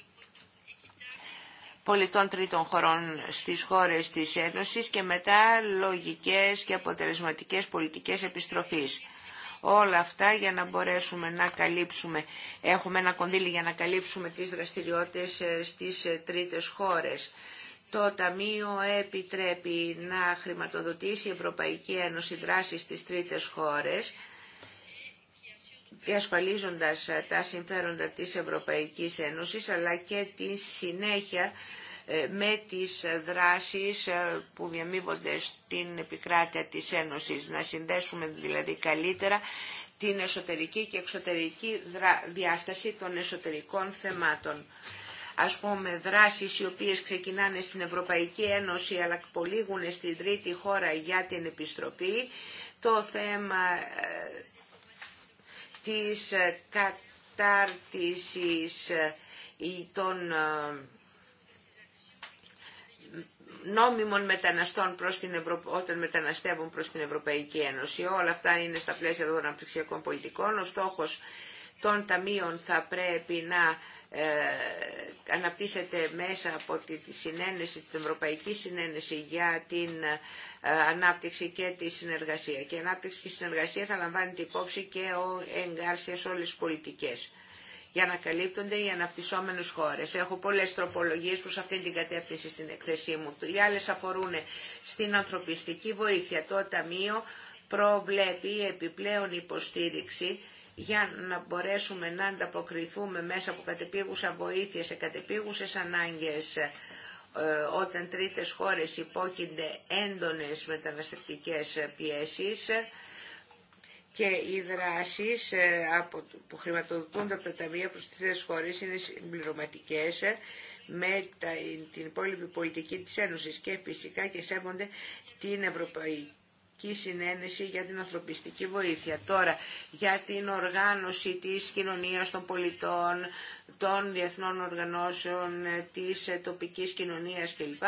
πολιτών τρίτων χωρών στις χώρες της Ένωσης και μετά λογικές και αποτελεσματικές πολιτικές επιστροφής. Όλα αυτά για να μπορέσουμε να καλύψουμε, έχουμε ένα κονδύλι για να καλύψουμε τις δραστηριότητες ε, στις ε, τρίτες χώρες. Το Ταμείο επιτρέπει να χρηματοδοτήσει η Ευρωπαϊκή Ένωση δράσεις στις τρίτες χώρες διασφαλίζοντας ε, τα συμφέροντα της Ευρωπαϊκής Ένωσης αλλά και τη συνέχεια ε, με τις ε, δράσεις που διαμείβονται στην επικράτεια της Ένωσης. Να συνδέσουμε δηλαδή καλύτερα την εσωτερική και εξωτερική διάσταση των εσωτερικών θεμάτων. Ας πούμε δράσεις οι οποίες ξεκινάνε στην Ευρωπαϊκή Ένωση αλλά πολύγουν στην τρίτη χώρα για την επιστροφή. Το θέμα της ε, κατάρτισης ε, των ε, νόμιμων μεταναστών προς την Ευρω... όταν μεταναστεύουν προς την Ευρωπαϊκή Ένωση. Όλα αυτά είναι στα πλαίσια των αναπτυξιακών πολιτικών. Ο στόχος των ταμείων θα πρέπει να ε, αναπτύσσεται μέσα από τη συνένεση, την Ευρωπαϊκή Συνένεση για την ε, ανάπτυξη και τη συνεργασία. Και η ανάπτυξη και η συνεργασία θα λαμβάνεται υπόψη και ο εγκάρσια όλες τις πολιτικές για να καλύπτονται οι αναπτυσσόμενες χώρες. Έχω πολλές τροπολογίες που σε αυτή την κατεύθυνση στην εκθεσή μου. Οι άλλες αφορούν στην ανθρωπιστική βοήθεια. Το Ταμείο προβλέπει επιπλέον υποστήριξη για να μπορέσουμε να ανταποκριθούμε μέσα από κατεπίγουσα βοήθεια σε κατεπίγουσες ανάγκες ε, όταν τρίτες χώρες υπόκεινται έντονες μεταναστευτικές πιέσεις και οι δράσεις ε, που χρηματοδοτούνται από τα Ταμεία προς τις χώρες είναι συμπληρωματικέ με την υπόλοιπη πολιτική της Ένωσης και φυσικά και σέβονται την Ευρωπαϊκή κοινωνική για την ανθρωπιστική βοήθεια. Τώρα, για την οργάνωση της κοινωνίας των πολιτών, των διεθνών οργανώσεων, της ε, τοπικής κοινωνίας κλπ.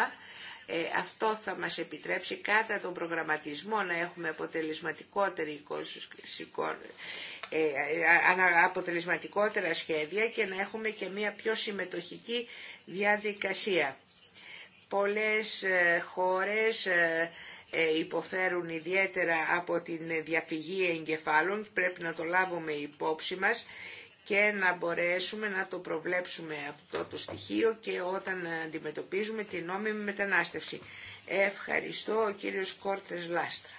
Ε, αυτό θα μας επιτρέψει κατά τον προγραμματισμό να έχουμε αποτελεσματικότερη ε, αποτελεσματικότερα σχέδια και να έχουμε και μια πιο συμμετοχική διαδικασία. Πολλές χώρες ε, υποφέρουν ιδιαίτερα από την διαφυγή εγκεφάλων. Πρέπει να το λάβουμε υπόψη μας και να μπορέσουμε να το προβλέψουμε αυτό το στοιχείο και όταν αντιμετωπίζουμε την νόμιμη μετανάστευση. Ευχαριστώ ο κύριος Κόρτες Λάστρα.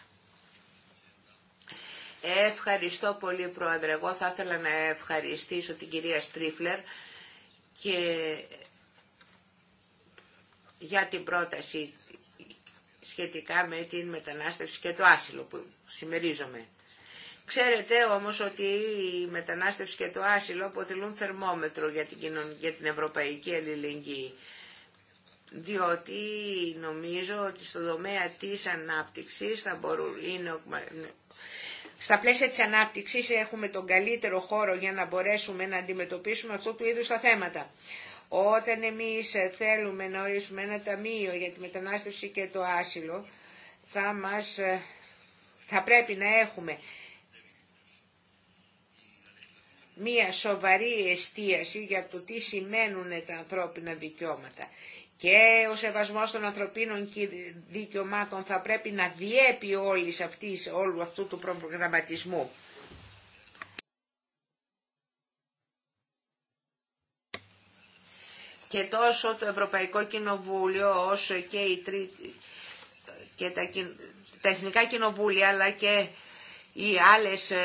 Ευχαριστώ πολύ Πρόεδρε. Εγώ θα ήθελα να ευχαριστήσω την κυρία Στρίφλερ και για την πρόταση σχετικά με την μετανάστευση και το άσυλο που συμμερίζομαι. Ξέρετε όμως ότι η μετανάστευση και το άσυλο αποτελούν θερμόμετρο για την, την ευρωπαϊκή αλληλεγγύη. Διότι νομίζω ότι στο δομέα της ανάπτυξης θα μπορούν, είναι, στα πλαίσια της ανάπτυξης έχουμε τον καλύτερο χώρο για να μπορέσουμε να αντιμετωπίσουμε αυτό του είδους τα θέματα. Όταν εμείς ε, θέλουμε να ορίσουμε ένα ταμείο για τη μετανάστευση και το άσυλο, θα, μας, ε, θα πρέπει να έχουμε μία σοβαρή εστίαση για το τι σημαίνουν τα ανθρώπινα δικαιώματα. Και ο σεβασμός των ανθρωπίνων δικαιωμάτων θα πρέπει να διέπει όλης αυτής, όλου αυτού του προγραμματισμού. και τόσο το Ευρωπαϊκό Κοινοβούλιο όσο και, η και τα, Εθνικά Κοινοβούλια αλλά και οι άλλες, ε,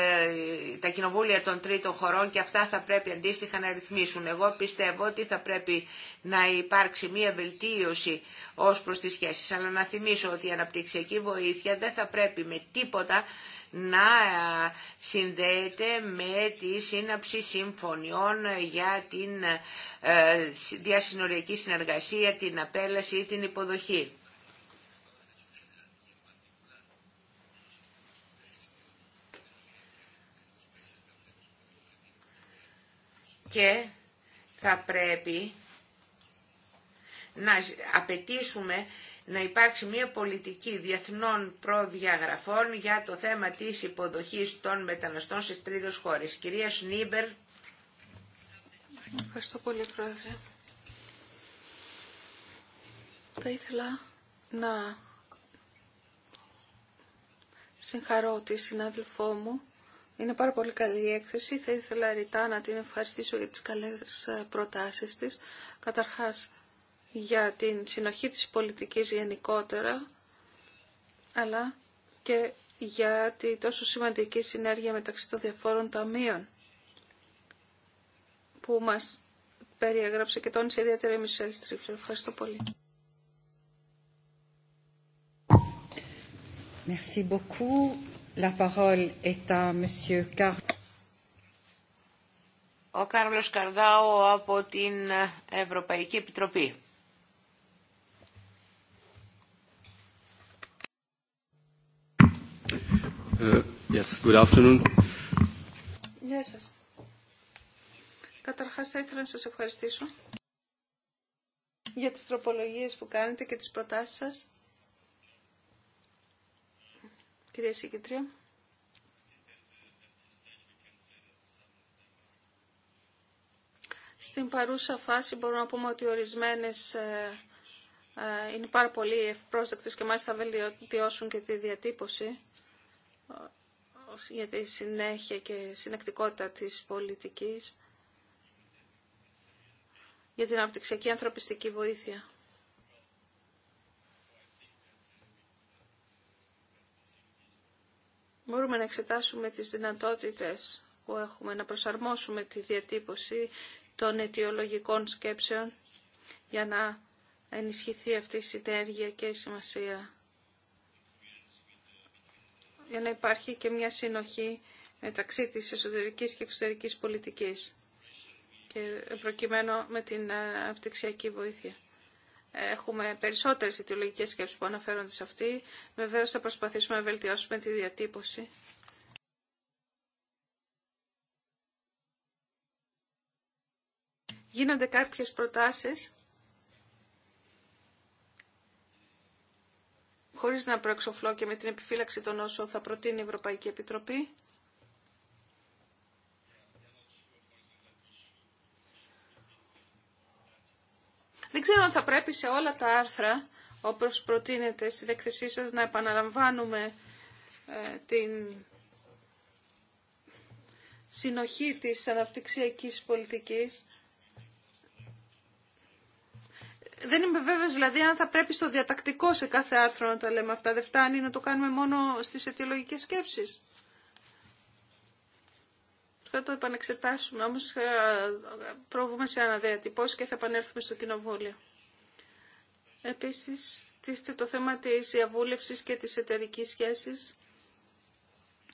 τα κοινοβούλια των τρίτων χωρών και αυτά θα πρέπει αντίστοιχα να ρυθμίσουν. Εγώ πιστεύω ότι θα πρέπει να υπάρξει μία βελτίωση ως προς τις σχέσεις, αλλά να θυμίσω ότι η αναπτυξιακή βοήθεια δεν θα πρέπει με τίποτα να ε, συνδέεται με τη σύναψη συμφωνιών για την ε, διασυνοριακή συνεργασία, την απέλαση ή την υποδοχή. και θα πρέπει να απαιτήσουμε να υπάρξει μια πολιτική διεθνών προδιαγραφών για το θέμα της υποδοχής των μεταναστών στις τρίτες χώρες. Κυρία Σνίμπερ. Ευχαριστώ πολύ, Πρόεδρε. Θα ήθελα να συγχαρώ τη συνάδελφό μου. Είναι πάρα πολύ καλή η έκθεση. Θα ήθελα ρητά να την ευχαριστήσω για τις καλές ε, προτάσεις της. Καταρχάς, για την συνοχή της πολιτικής γενικότερα, αλλά και για τη τόσο σημαντική συνέργεια μεταξύ των διαφόρων ταμείων που μας περιέγραψε και τόνισε ιδιαίτερα η Μισελ Στρίφλερ. Ευχαριστώ πολύ. Merci beaucoup. La parole est à Monsieur Ο Κάρλος Καρδάου από την Ευρωπαϊκή Επιτροπή. Καταρχά, ε, Καταρχάς θα ήθελα να σας ευχαριστήσω για τις τροπολογίες που κάνετε και τις προτάσεις σας. Κυρία Συγκητρία. Στην παρούσα φάση μπορούμε να πούμε ότι ορισμένες ε, ε, είναι πάρα πολύ ευπρόσδεκτες και μάλιστα βελτιώσουν και τη διατύπωση για τη συνέχεια και συνεκτικότητα της πολιτικής για την αναπτυξιακή ανθρωπιστική βοήθεια. Μπορούμε να εξετάσουμε τις δυνατότητες που έχουμε, να προσαρμόσουμε τη διατύπωση των αιτιολογικών σκέψεων για να ενισχυθεί αυτή η συνέργεια και η σημασία για να υπάρχει και μια συνοχή μεταξύ της εσωτερικής και εξωτερικής πολιτικής και προκειμένου με την ε, απτυξιακή βοήθεια. Έχουμε περισσότερες αιτιολογικές σκέψεις που αναφέρονται σε αυτή. Βεβαίω θα προσπαθήσουμε να βελτιώσουμε τη διατύπωση. Γίνονται κάποιες προτάσεις χωρίς να προεξοφλώ και με την επιφύλαξη των όσων θα προτείνει η Ευρωπαϊκή Επιτροπή. Δεν ξέρω αν θα πρέπει σε όλα τα άρθρα, όπως προτείνετε στην έκθεσή σας, να επαναλαμβάνουμε ε, την συνοχή της αναπτυξιακής πολιτικής δεν είμαι βέβαιος δηλαδή αν θα πρέπει στο διατακτικό σε κάθε άρθρο να τα λέμε αυτά. Δεν φτάνει να το κάνουμε μόνο στις αιτιολογικές σκέψεις. Θα το επανεξετάσουμε, όμως θα προβούμε σε αναδιατυπώσεις και θα επανέλθουμε στο κοινοβούλιο. Επίσης, τίθεται το θέμα της διαβούλευσης και της εταιρική σχέσης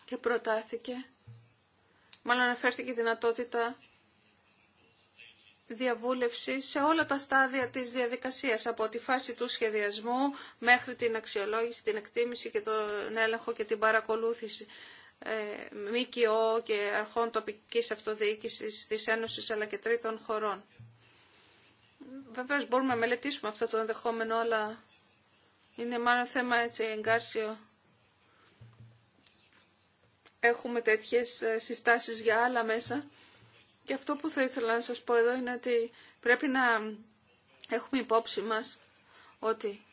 και προτάθηκε. Μάλλον αναφέρθηκε η δυνατότητα διαβούλευση σε όλα τα στάδια της διαδικασίας, από τη φάση του σχεδιασμού μέχρι την αξιολόγηση, την εκτίμηση και τον έλεγχο και την παρακολούθηση ε, κοιό και αρχών τοπικής αυτοδιοίκησης της Ένωσης αλλά και τρίτων χωρών. Βεβαίως μπορούμε να μελετήσουμε αυτό το ενδεχόμενο, αλλά είναι μάλλον θέμα έτσι εγκάρσιο. Έχουμε τέτοιες ε, συστάσεις για άλλα μέσα και αυτό που θα ήθελα να σας πω εδώ είναι ότι πρέπει να έχουμε υπόψη μας ότι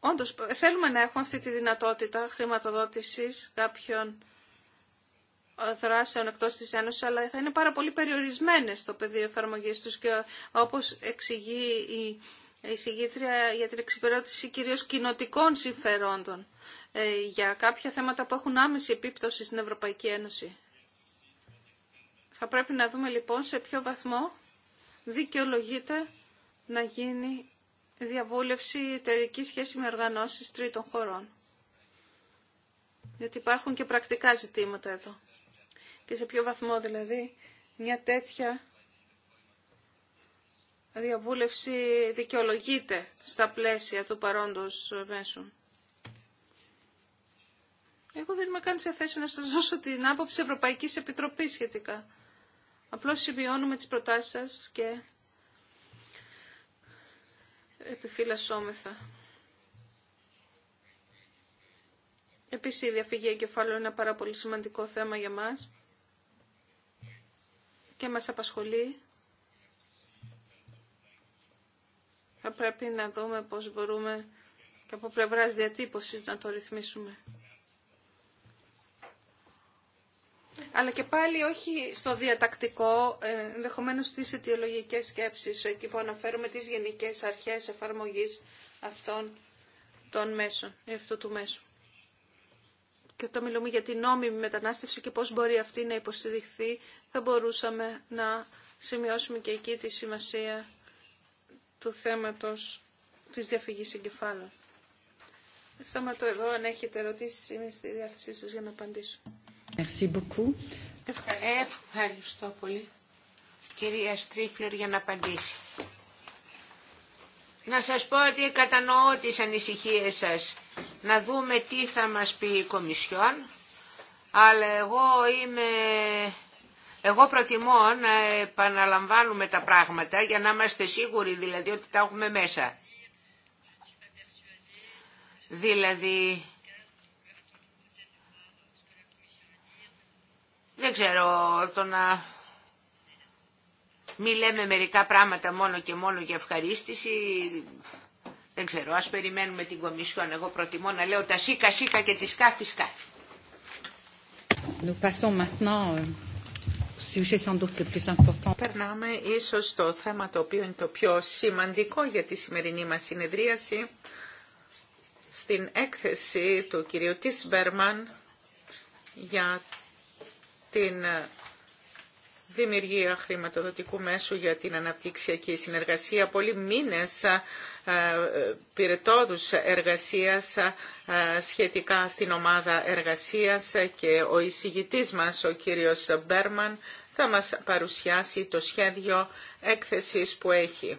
όντως θέλουμε να έχουμε αυτή τη δυνατότητα χρηματοδότησης κάποιων δράσεων εκτός της Ένωσης, αλλά θα είναι πάρα πολύ περιορισμένες στο πεδίο εφαρμογής τους και όπως εξηγεί η εισηγήτρια για την εξυπηρέτηση κυρίως κοινοτικών συμφερόντων. Ε, για κάποια θέματα που έχουν άμεση επίπτωση στην Ευρωπαϊκή Ένωση. Θα πρέπει να δούμε λοιπόν σε ποιο βαθμό δικαιολογείται να γίνει διαβούλευση εταιρική σχέση με οργανώσεις τρίτων χωρών. Γιατί υπάρχουν και πρακτικά ζητήματα εδώ. Και σε ποιο βαθμό δηλαδή μια τέτοια διαβούλευση δικαιολογείται στα πλαίσια του παρόντος μέσου. Εγώ δεν είμαι καν σε θέση να σας δώσω την άποψη Ευρωπαϊκής Επιτροπής σχετικά. Απλώς σημειώνουμε τις προτάσεις σας και επιφύλασσόμεθα. Επίσης η διαφυγή εγκεφάλου είναι ένα πάρα πολύ σημαντικό θέμα για μας και μας απασχολεί. Θα πρέπει να δούμε πώς μπορούμε και από πλευράς διατύπωσης να το ρυθμίσουμε. αλλά και πάλι όχι στο διατακτικό, ε, ενδεχομένω στις αιτιολογικές σκέψεις, εκεί που αναφέρουμε τις γενικές αρχές εφαρμογής αυτών των μέσων, αυτού του μέσου. Και όταν μιλούμε για την νόμιμη μετανάστευση και πώς μπορεί αυτή να υποστηριχθεί, θα μπορούσαμε να σημειώσουμε και εκεί τη σημασία του θέματος της διαφυγής εγκεφάλων. Σταματώ εδώ, αν έχετε ερωτήσεις είμαι στη διάθεσή σας για να απαντήσω. Ευχαριστώ πολύ. Κυρία Στρίχλερ για να απαντήσει. Να σας πω ότι κατανοώ τις ανησυχίες σας. Να δούμε τι θα μας πει η Κομισιόν. Αλλά εγώ είμαι... Εγώ προτιμώ να επαναλαμβάνουμε τα πράγματα για να είμαστε σίγουροι δηλαδή ότι τα έχουμε μέσα. Δηλαδή Δεν ξέρω, το να μη λέμε μερικά πράγματα μόνο και μόνο για ευχαρίστηση, δεν ξέρω, ας περιμένουμε την Κομισιόν. Εγώ προτιμώ να λέω τα σίκα σίκα και τη σκάφη σκάφη. Περνάμε ίσως στο θέμα το οποίο είναι το πιο σημαντικό για τη σημερινή μας συνεδρίαση. Στην έκθεση του κυρίου Τίσμπερμαν για την ε, δημιουργία χρηματοδοτικού μέσου για την αναπτυξιακή συνεργασία. Πολλοί μήνες ε, ε, πυρετόδους εργασίας σχετικά στην ομάδα εργασίας και ο εισηγητής μας, ο κύριος Μπέρμαν, θα μας παρουσιάσει το σχέδιο έκθεσης που έχει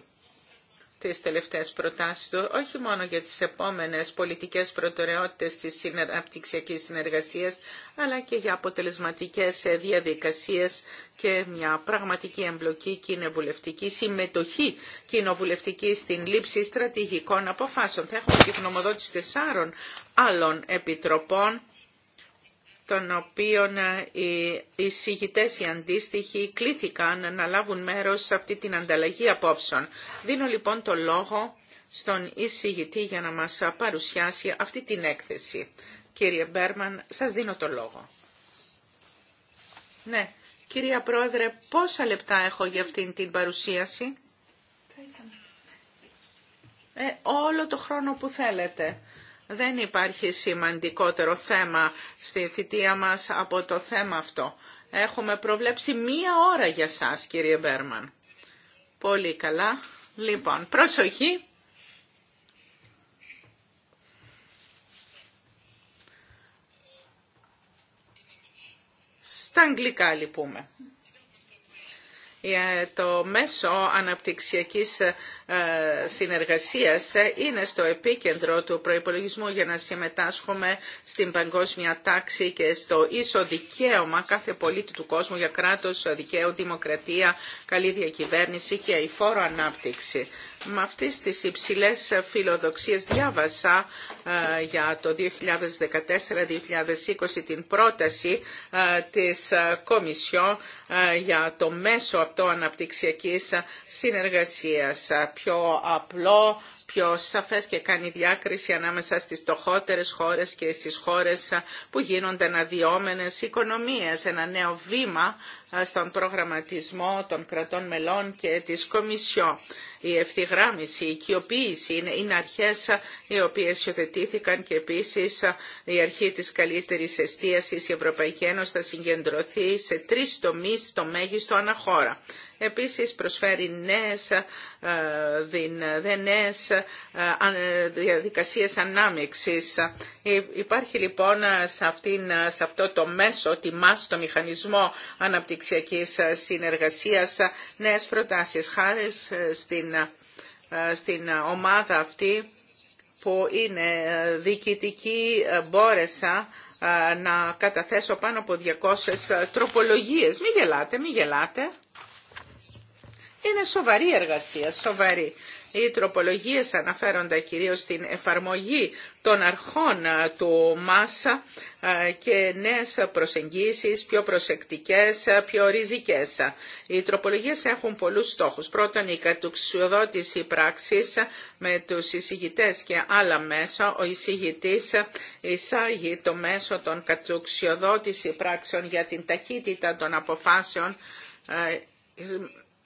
τις τελευταίες προτάσεις του, όχι μόνο για τις επόμενες πολιτικές προτεραιότητες της αναπτυξιακής συνεργασίας, αλλά και για αποτελεσματικές διαδικασίες και μια πραγματική εμπλοκή κοινοβουλευτική συμμετοχή κοινοβουλευτική στην λήψη στρατηγικών αποφάσεων. Θα έχουμε και γνωμοδότηση τεσσάρων άλλων επιτροπών των οποίων ε, οι εισηγητές οι αντίστοιχοι κλήθηκαν να λάβουν μέρος σε αυτή την ανταλλαγή απόψεων. Δίνω λοιπόν το λόγο στον εισηγητή για να μας παρουσιάσει αυτή την έκθεση. Κύριε Μπέρμαν, σας δίνω το λόγο. Ναι, κυρία Πρόεδρε, πόσα λεπτά έχω για αυτήν την παρουσίαση. Ε, όλο το χρόνο που θέλετε. Δεν υπάρχει σημαντικότερο θέμα στη θητεία μας από το θέμα αυτό. Έχουμε προβλέψει μία ώρα για σας, κύριε Μπέρμαν. Πολύ καλά. Λοιπόν, προσοχή. Στα αγγλικά λυπούμε. Ε, το μέσο αναπτυξιακής ε, συνεργασίας ε, είναι στο επίκεντρο του προϋπολογισμού για να συμμετάσχουμε στην παγκόσμια τάξη και στο ίσο δικαίωμα κάθε πολίτη του κόσμου για κράτος, δικαίου, δημοκρατία, καλή διακυβέρνηση και η φόρο ανάπτυξη. Με αυτές τις υψηλές φιλοδοξίες διάβασα ε, για το 2014-2020 την πρόταση ε, της ε, Κομισιό για το μέσο αυτό αναπτυξιακής συνεργασίας. Πιο απλό, πιο σαφές και κάνει διάκριση ανάμεσα στις τοχότερες χώρες και στις χώρες που γίνονται αναδυόμενες οικονομίες. Ένα νέο βήμα στον προγραμματισμό των κρατών μελών και της Κομισιό. Η ευθυγράμμιση, η οικειοποίηση είναι, αρχέ αρχές οι οποίες υιοθετήθηκαν και επίσης η αρχή της καλύτερης εστίασης η Ευρωπαϊκή Ένωση θα συγκεντρωθεί σε τρεις τομείς στο μέγιστο αναχώρα. Επίσης προσφέρει νέες, ε, νέες ε, ε, διαδικασίες ανάμειξης. Υπάρχει λοιπόν σε, αυτήν, αυτό το μέσο, τη ΜΑΣ, στο Μηχανισμό Αναπτυξιακής Συνεργασίας, νέες προτάσεις χάρη στην, στην ομάδα αυτή που είναι διοικητική μπόρεσα να καταθέσω πάνω από 200 τροπολογίες. Μην γελάτε, μην γελάτε είναι σοβαρή εργασία, σοβαρή. Οι τροπολογίες αναφέρονται κυρίως στην εφαρμογή των αρχών ε, του ΜΑΣΑ ε, και νέες προσεγγίσεις, πιο προσεκτικές, ε, πιο ριζικές. Οι τροπολογίες έχουν πολλούς στόχους. Πρώτον, η κατουξιοδότηση πράξης με τους εισηγητές και άλλα μέσα. Ο εισηγητής εισάγει το μέσο των κατουξιοδότηση πράξεων για την ταχύτητα των αποφάσεων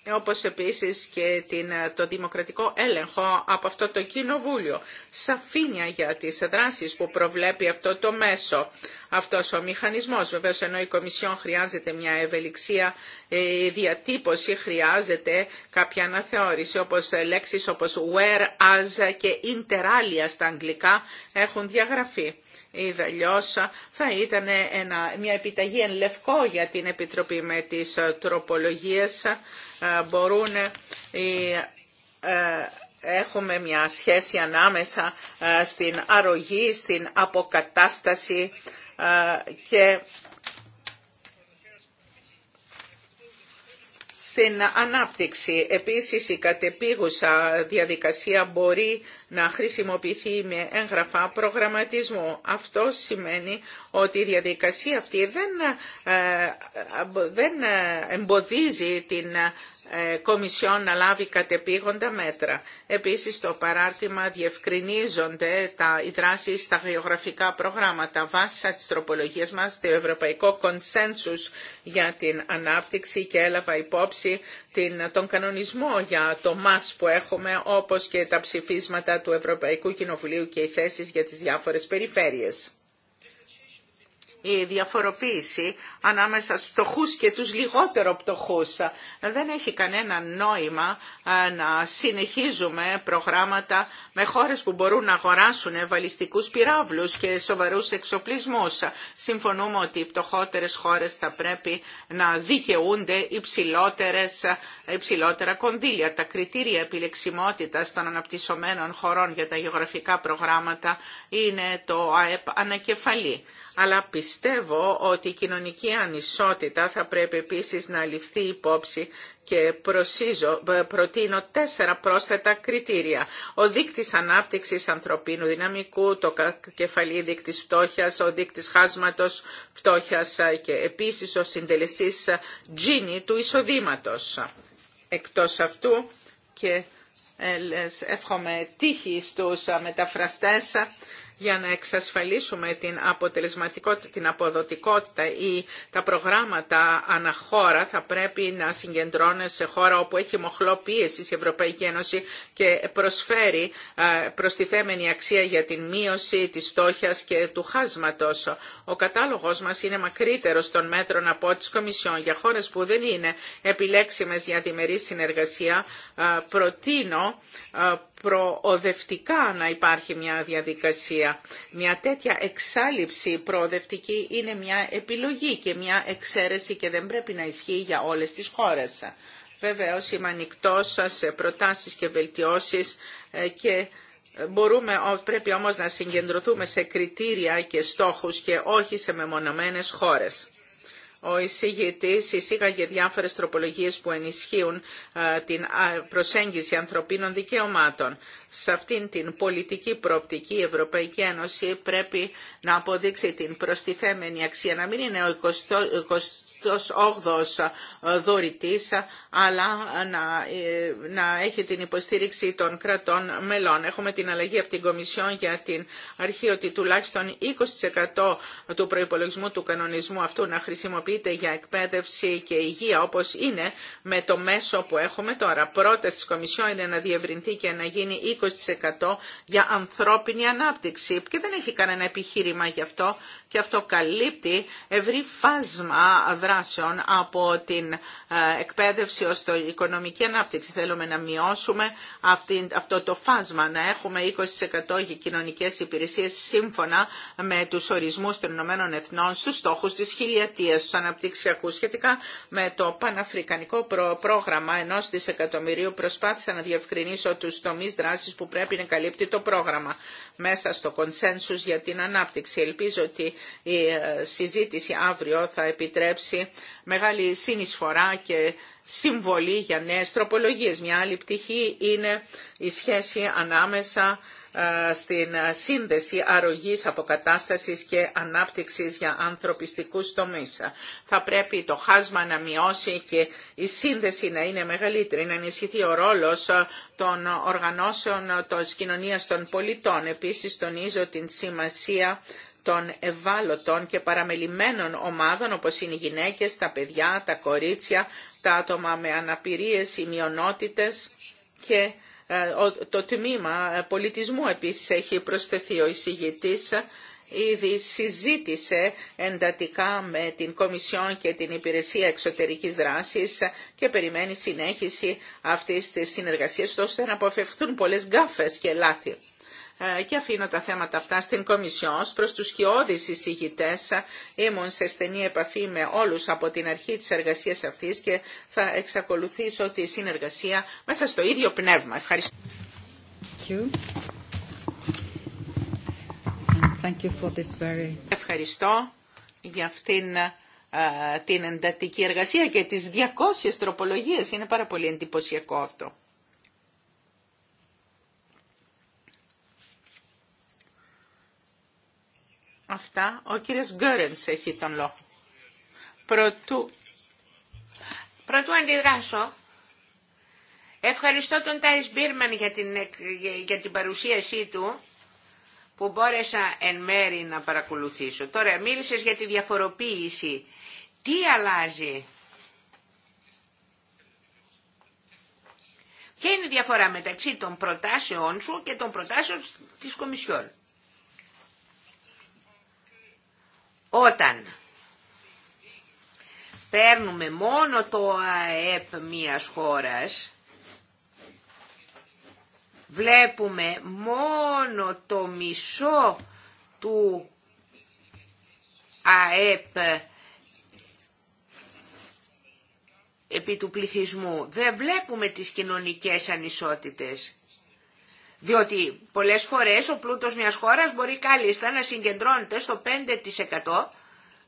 όπως επίσης και την, ε, το δημοκρατικό έλεγχο από αυτό το κοινοβούλιο. Σαφήνια για τις δράσεις που προβλέπει αυτό το μέσο. Αυτός ο μηχανισμός, βεβαίως ενώ η Κομισιόν χρειάζεται μια ευελιξία, ε, η διατύπωση χρειάζεται κάποια αναθεώρηση, όπως λέξεις όπως where, as και inter στα αγγλικά έχουν διαγραφεί. Αλλιώ θα ήταν ένα, μια επιταγή εν λευκό για την Επιτροπή με τις ε, τροπολογίες ε, μπορούν ε, ε, έχουμε μια σχέση ανάμεσα στην αρρωγή, στην αποκατάσταση και στην ανάπτυξη. Επίσης η κατεπίγουσα διαδικασία μπορεί να χρησιμοποιηθεί με έγγραφα προγραμματισμού. Αυτό σημαίνει ότι η διαδικασία αυτή δεν, ε, δεν εμποδίζει την ε, Κομισιόν να λάβει κατεπήγοντα μέτρα. Επίσης, στο παράρτημα διευκρινίζονται τα, οι δράσει στα γεωγραφικά προγράμματα. Βάσει τη τροπολογία μα, στο Ευρωπαϊκό Κονσένσου για την Ανάπτυξη και έλαβα υπόψη τον κανονισμό για το ΜΑΣ που έχουμε, όπως και τα ψηφίσματα του Ευρωπαϊκού Κοινοβουλίου και οι θέσεις για τις διάφορες περιφέρειες. Η διαφοροποίηση ανάμεσα στους πτωχούς και τους λιγότερο πτωχούς. Δεν έχει κανένα νόημα ε, να συνεχίζουμε προγράμματα με χώρες που μπορούν να αγοράσουν βαλιστικούς πυράβλους και σοβαρούς εξοπλισμούς. Συμφωνούμε ότι οι πτωχότερες χώρες θα πρέπει να δικαιούνται υψηλότερα κονδύλια. Τα κριτήρια επιλεξιμότητας των αναπτυσσομένων χωρών για τα γεωγραφικά προγράμματα είναι το ΑΕΠ ανακεφαλή. Αλλά πιστεύω ότι η κοινωνική ανισότητα θα πρέπει επίσης να ληφθεί υπόψη και προσίζω, ε, προτείνω τέσσερα πρόσθετα κριτήρια. Ο δείκτης ανάπτυξης ανθρωπίνου δυναμικού, το κεφαλή δείκτης φτώχειας, ο δείκτης χάσματος φτώχειας ε, και επίσης ο συντελεστής ε, τζίνι του εισοδήματος. Εκτός αυτού και εύχομαι τύχη στους μεταφραστές για να εξασφαλίσουμε την αποτελεσματικότητα, την αποδοτικότητα ή τα προγράμματα αναχώρα θα πρέπει να συγκεντρώνουν σε χώρα όπου έχει μοχλό πίεση η τα προγραμματα αναχωρα θα πρεπει να συγκεντρωνε σε Ένωση και προσφέρει ε, προστιθέμενη αξία για την μείωση της φτώχειας και του χάσματος. Ο κατάλογος μας είναι μακρύτερος των μέτρων από τις Κομισιόν για χώρες που δεν είναι επιλέξιμες για διμερή συνεργασία. Ε, προτείνω ε, προοδευτικά να υπάρχει μια διαδικασία. Μια τέτοια εξάλληψη προοδευτική είναι μια επιλογή και μια εξαίρεση και δεν πρέπει να ισχύει για όλες τις χώρες. Βεβαίως είμαι ανοιχτό σε προτάσεις και βελτιώσεις ε, και μπορούμε, πρέπει όμως να συγκεντρωθούμε σε κριτήρια και στόχους και όχι σε μεμονωμένες χώρες ο εισηγητής εισήγαγε διάφορες τροπολογίες που ενισχύουν ε, την προσέγγιση ανθρωπίνων δικαιωμάτων. Σε αυτήν την πολιτική προοπτική η Ευρωπαϊκή Ένωση πρέπει να αποδείξει την προστιθέμενη αξία, να μην είναι ο ως όγδος ε, δωρητής, ε, αλλά να, ε, να έχει την υποστήριξη των κρατών μελών. Έχουμε την αλλαγή από την Κομισιόν για την αρχή ότι τουλάχιστον 20% του προϋπολογισμού του κανονισμού αυτού να χρησιμοποιείται για εκπαίδευση και υγεία, όπως είναι με το μέσο που έχουμε τώρα. Πρόταση της Κομισιόν είναι να διευρυνθεί και να γίνει 20% για ανθρώπινη ανάπτυξη και δεν έχει κανένα επιχείρημα γι' αυτό και αυτό καλύπτει ευρύ φάσμα δράσης από την ε, εκπαίδευση ως το οικονομική ανάπτυξη. Θέλουμε να μειώσουμε αυτό το φάσμα, να έχουμε 20% για κοινωνικές υπηρεσίες σύμφωνα με τους ορισμούς των Ηνωμένων Εθνών στους στόχους της χιλιατίας, στους αναπτυξιακούς σχετικά με το Παναφρικανικό πρόγραμμα ενός δισεκατομμυρίου προσπάθησα να διευκρινίσω τους τομείς δράσης που πρέπει να καλύπτει το πρόγραμμα μέσα στο κονσένσους για την ανάπτυξη. Ελπίζω ότι η ε, συζήτηση αύριο θα επιτρέψει μεγάλη συνεισφορά και συμβολή για νέες τροπολογίες. Μια άλλη πτυχή είναι η σχέση ανάμεσα ε, στην σύνδεση αρρωγής αποκατάστασης και ανάπτυξης για ανθρωπιστικούς τομείς. Θα πρέπει το χάσμα να μειώσει και η σύνδεση να είναι μεγαλύτερη, να ενισχυθεί ο ρόλος ε, των οργανώσεων ε, της κοινωνίας των πολιτών. Επίσης τονίζω την σημασία των ευάλωτων και παραμελημένων ομάδων όπως είναι οι γυναίκες, τα παιδιά, τα κορίτσια, τα άτομα με αναπηρίες, οι μειονότητες και ε, το τμήμα ε, πολιτισμού επίσης έχει προσθεθεί ο εισηγητής ήδη συζήτησε εντατικά με την Κομισιόν και την Υπηρεσία Εξωτερικής Δράσης και περιμένει συνέχιση αυτής της συνεργασίας ώστε να αποφευχθούν πολλές γκάφες και λάθη. Ε, και αφήνω τα θέματα αυτά στην Κομισιόν. Προς τους κοιόδη εισηγητές ε, ήμουν σε στενή επαφή με όλους από την αρχή της εργασίας αυτής και θα εξακολουθήσω τη συνεργασία μέσα στο ίδιο πνεύμα. Ευχαριστώ. Thank you. for this very... Ευχαριστώ για αυτήν ε, την εντατική εργασία και τις 200 τροπολογίες. Είναι πάρα πολύ εντυπωσιακό αυτό. αυτά, ο κύριος Γκόρενς έχει τον λόγο. Προτού... Προτού αντιδράσω, ευχαριστώ τον Τάις Μπίρμαν για την, για την παρουσίασή του, που μπόρεσα εν μέρη να παρακολουθήσω. Τώρα μίλησες για τη διαφοροποίηση. Τι αλλάζει. Ποια είναι η διαφορά μεταξύ των προτάσεών σου και των προτάσεων της Κομισιόν. Όταν παίρνουμε μόνο το ΑΕΠ μιας χώρας, βλέπουμε μόνο το μισό του ΑΕΠ επί του πληθυσμού. Δεν βλέπουμε τις κοινωνικές ανισότητες. Διότι πολλές φορές ο πλούτος μιας χώρας μπορεί κάλλιστα να συγκεντρώνεται στο 5%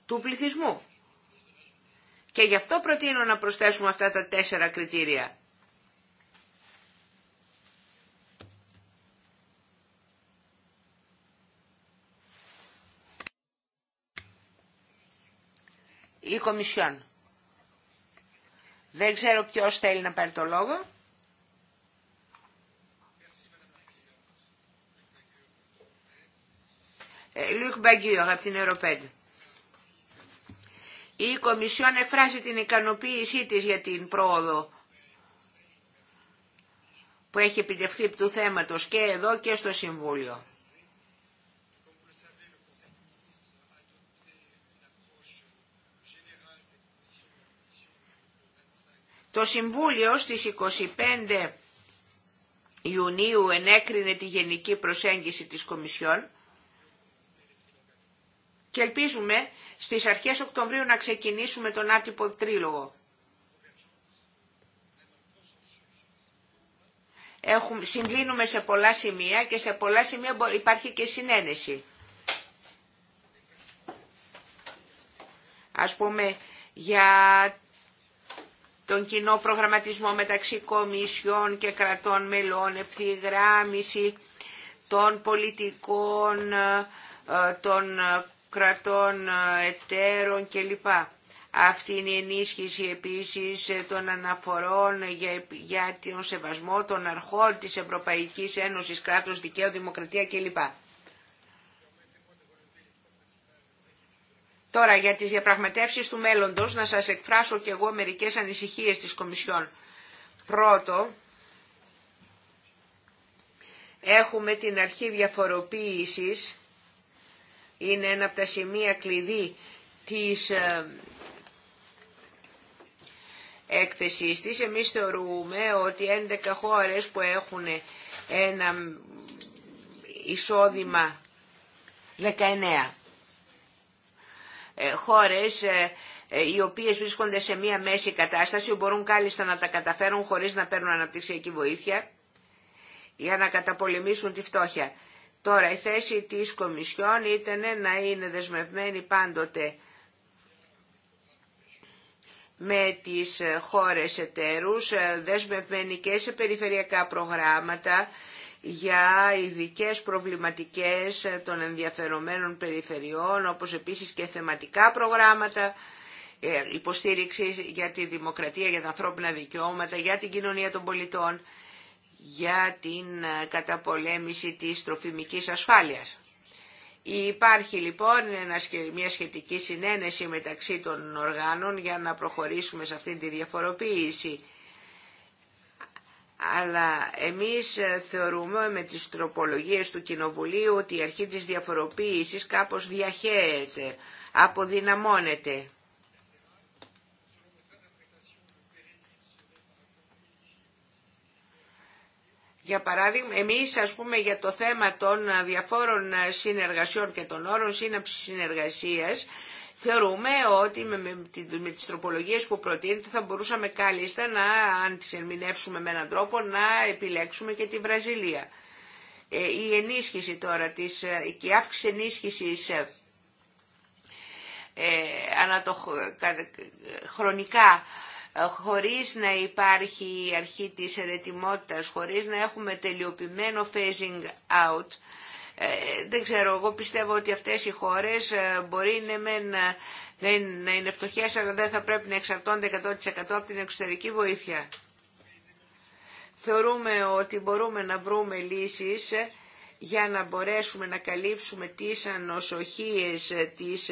του πληθυσμού. Και γι' αυτό προτείνω να προσθέσουμε αυτά τα τέσσερα κριτήρια. Η Κομισιόν. Δεν ξέρω ποιος θέλει να πάρει το λόγο. Ε, Λουκ Μπαγκίο από την Η Κομισιόν εφράζει την ικανοποίησή της για την πρόοδο που έχει επιτευχθεί του θέματος και εδώ και στο Συμβούλιο. Το Συμβούλιο στις 25 Ιουνίου ενέκρινε τη γενική προσέγγιση της Κομισιόν και ελπίζουμε στις αρχές Οκτωβρίου να ξεκινήσουμε τον άτυπο τρίλογο. Έχουμε, συγκλίνουμε σε πολλά σημεία και σε πολλά σημεία υπάρχει και συνένεση. Ας πούμε για τον κοινό προγραμματισμό μεταξύ κομισιών και κρατών μελών, επιγράμμιση των πολιτικών, ε, των κρατών, ε, εταίρων κλπ. Αυτή είναι η ενίσχυση επίσης ε, των αναφορών για, για τον σεβασμό των αρχών της Ευρωπαϊκής Ένωσης, κράτος, δικαίου, δημοκρατία κλπ. Τώρα για τις διαπραγματεύσεις του μέλλοντος να σας εκφράσω και εγώ μερικές ανησυχίες της Κομισιόν. Πρώτο, έχουμε την αρχή διαφοροποίησης είναι ένα από τα σημεία κλειδί της ε, έκθεσής της. Εμείς θεωρούμε ότι 11 χώρες που έχουν ένα εισόδημα 19 ε, χώρες ε, οι οποίες βρίσκονται σε μία μέση κατάσταση μπορούν κάλλιστα να τα καταφέρουν χωρίς να παίρνουν αναπτυξιακή βοήθεια για να καταπολεμήσουν τη φτώχεια. Τώρα η θέση της Κομισιόν ήταν να είναι δεσμευμένη πάντοτε με τις ε, χώρες εταίρους, ε, δεσμευμένη και σε περιφερειακά προγράμματα για ειδικέ προβληματικές ε, των ενδιαφερομένων περιφερειών, όπως επίσης και θεματικά προγράμματα υποστήριξη για τη δημοκρατία, για τα ανθρώπινα δικαιώματα, για την κοινωνία των πολιτών για την ε, καταπολέμηση της τροφιμικής ασφάλειας. Υπάρχει λοιπόν μια σχετική συνένεση μεταξύ των οργάνων για να προχωρήσουμε σε αυτή τη διαφοροποίηση. Αλλά εμείς ε, θεωρούμε με τις τροπολογίες του Κοινοβουλίου ότι η αρχή της διαφοροποίησης κάπως διαχέεται, αποδυναμώνεται. Για παράδειγμα, εμείς ας πούμε για το θέμα των ε, διαφόρων ε, συνεργασιών και των όρων σύναψης συνεργασίας, θεωρούμε ότι με, με, με τις τροπολογίες που προτείνεται θα μπορούσαμε κάλλιστα να, αν τις ερμηνεύσουμε με έναν τρόπο, να επιλέξουμε και τη Βραζιλία. Ε, η ενίσχυση τώρα, της, η αύξηση ενίσχυσης ανατοχ, χρονικά ε, χωρίς να υπάρχει η αρχή της ερετιμότητας, χωρίς να έχουμε τελειοποιημένο phasing out, ε, δεν ξέρω, εγώ πιστεύω ότι αυτές οι χώρες ε, μπορεί ναι, να, να είναι φτωχές, αλλά δεν θα πρέπει να εξαρτώνται 100% από την εξωτερική βοήθεια. Θεωρούμε ότι μπορούμε να βρούμε λύσεις για να μπορέσουμε να καλύψουμε τις ανοσοχίες της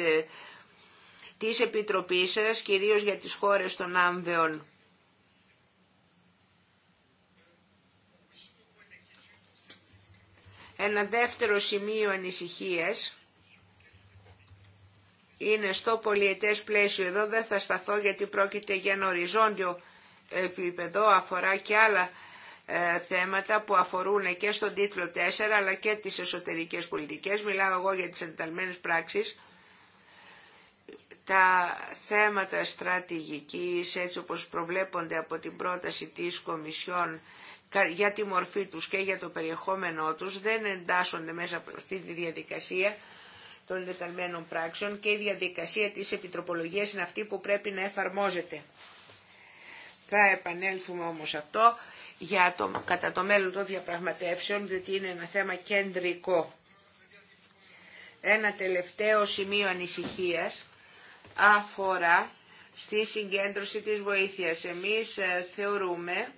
της Επιτροπής σας, κυρίως για τις χώρες των άνδεων. Ένα δεύτερο σημείο ανησυχίας είναι στο πολιετές πλαίσιο. Εδώ δεν θα σταθώ γιατί πρόκειται για ένα οριζόντιο επίπεδο, αφορά και άλλα ε, θέματα που αφορούν και στον τίτλο 4 αλλά και τις εσωτερικές πολιτικές. Μιλάω εγώ για τις ενταλμένες πράξεις τα θέματα στρατηγικής έτσι όπως προβλέπονται από την πρόταση της Κομισιόν για τη μορφή τους και για το περιεχόμενό τους δεν εντάσσονται μέσα από αυτή τη διαδικασία των δεταλμένων πράξεων και η διαδικασία της επιτροπολογίας είναι αυτή που πρέπει να εφαρμόζεται. Θα επανέλθουμε όμως αυτό για το, κατά το μέλλον των διαπραγματεύσεων διότι είναι ένα θέμα κεντρικό. Ένα τελευταίο σημείο ανησυχίας αφορά στη συγκέντρωση της βοήθειας. Εμείς ε, θεωρούμε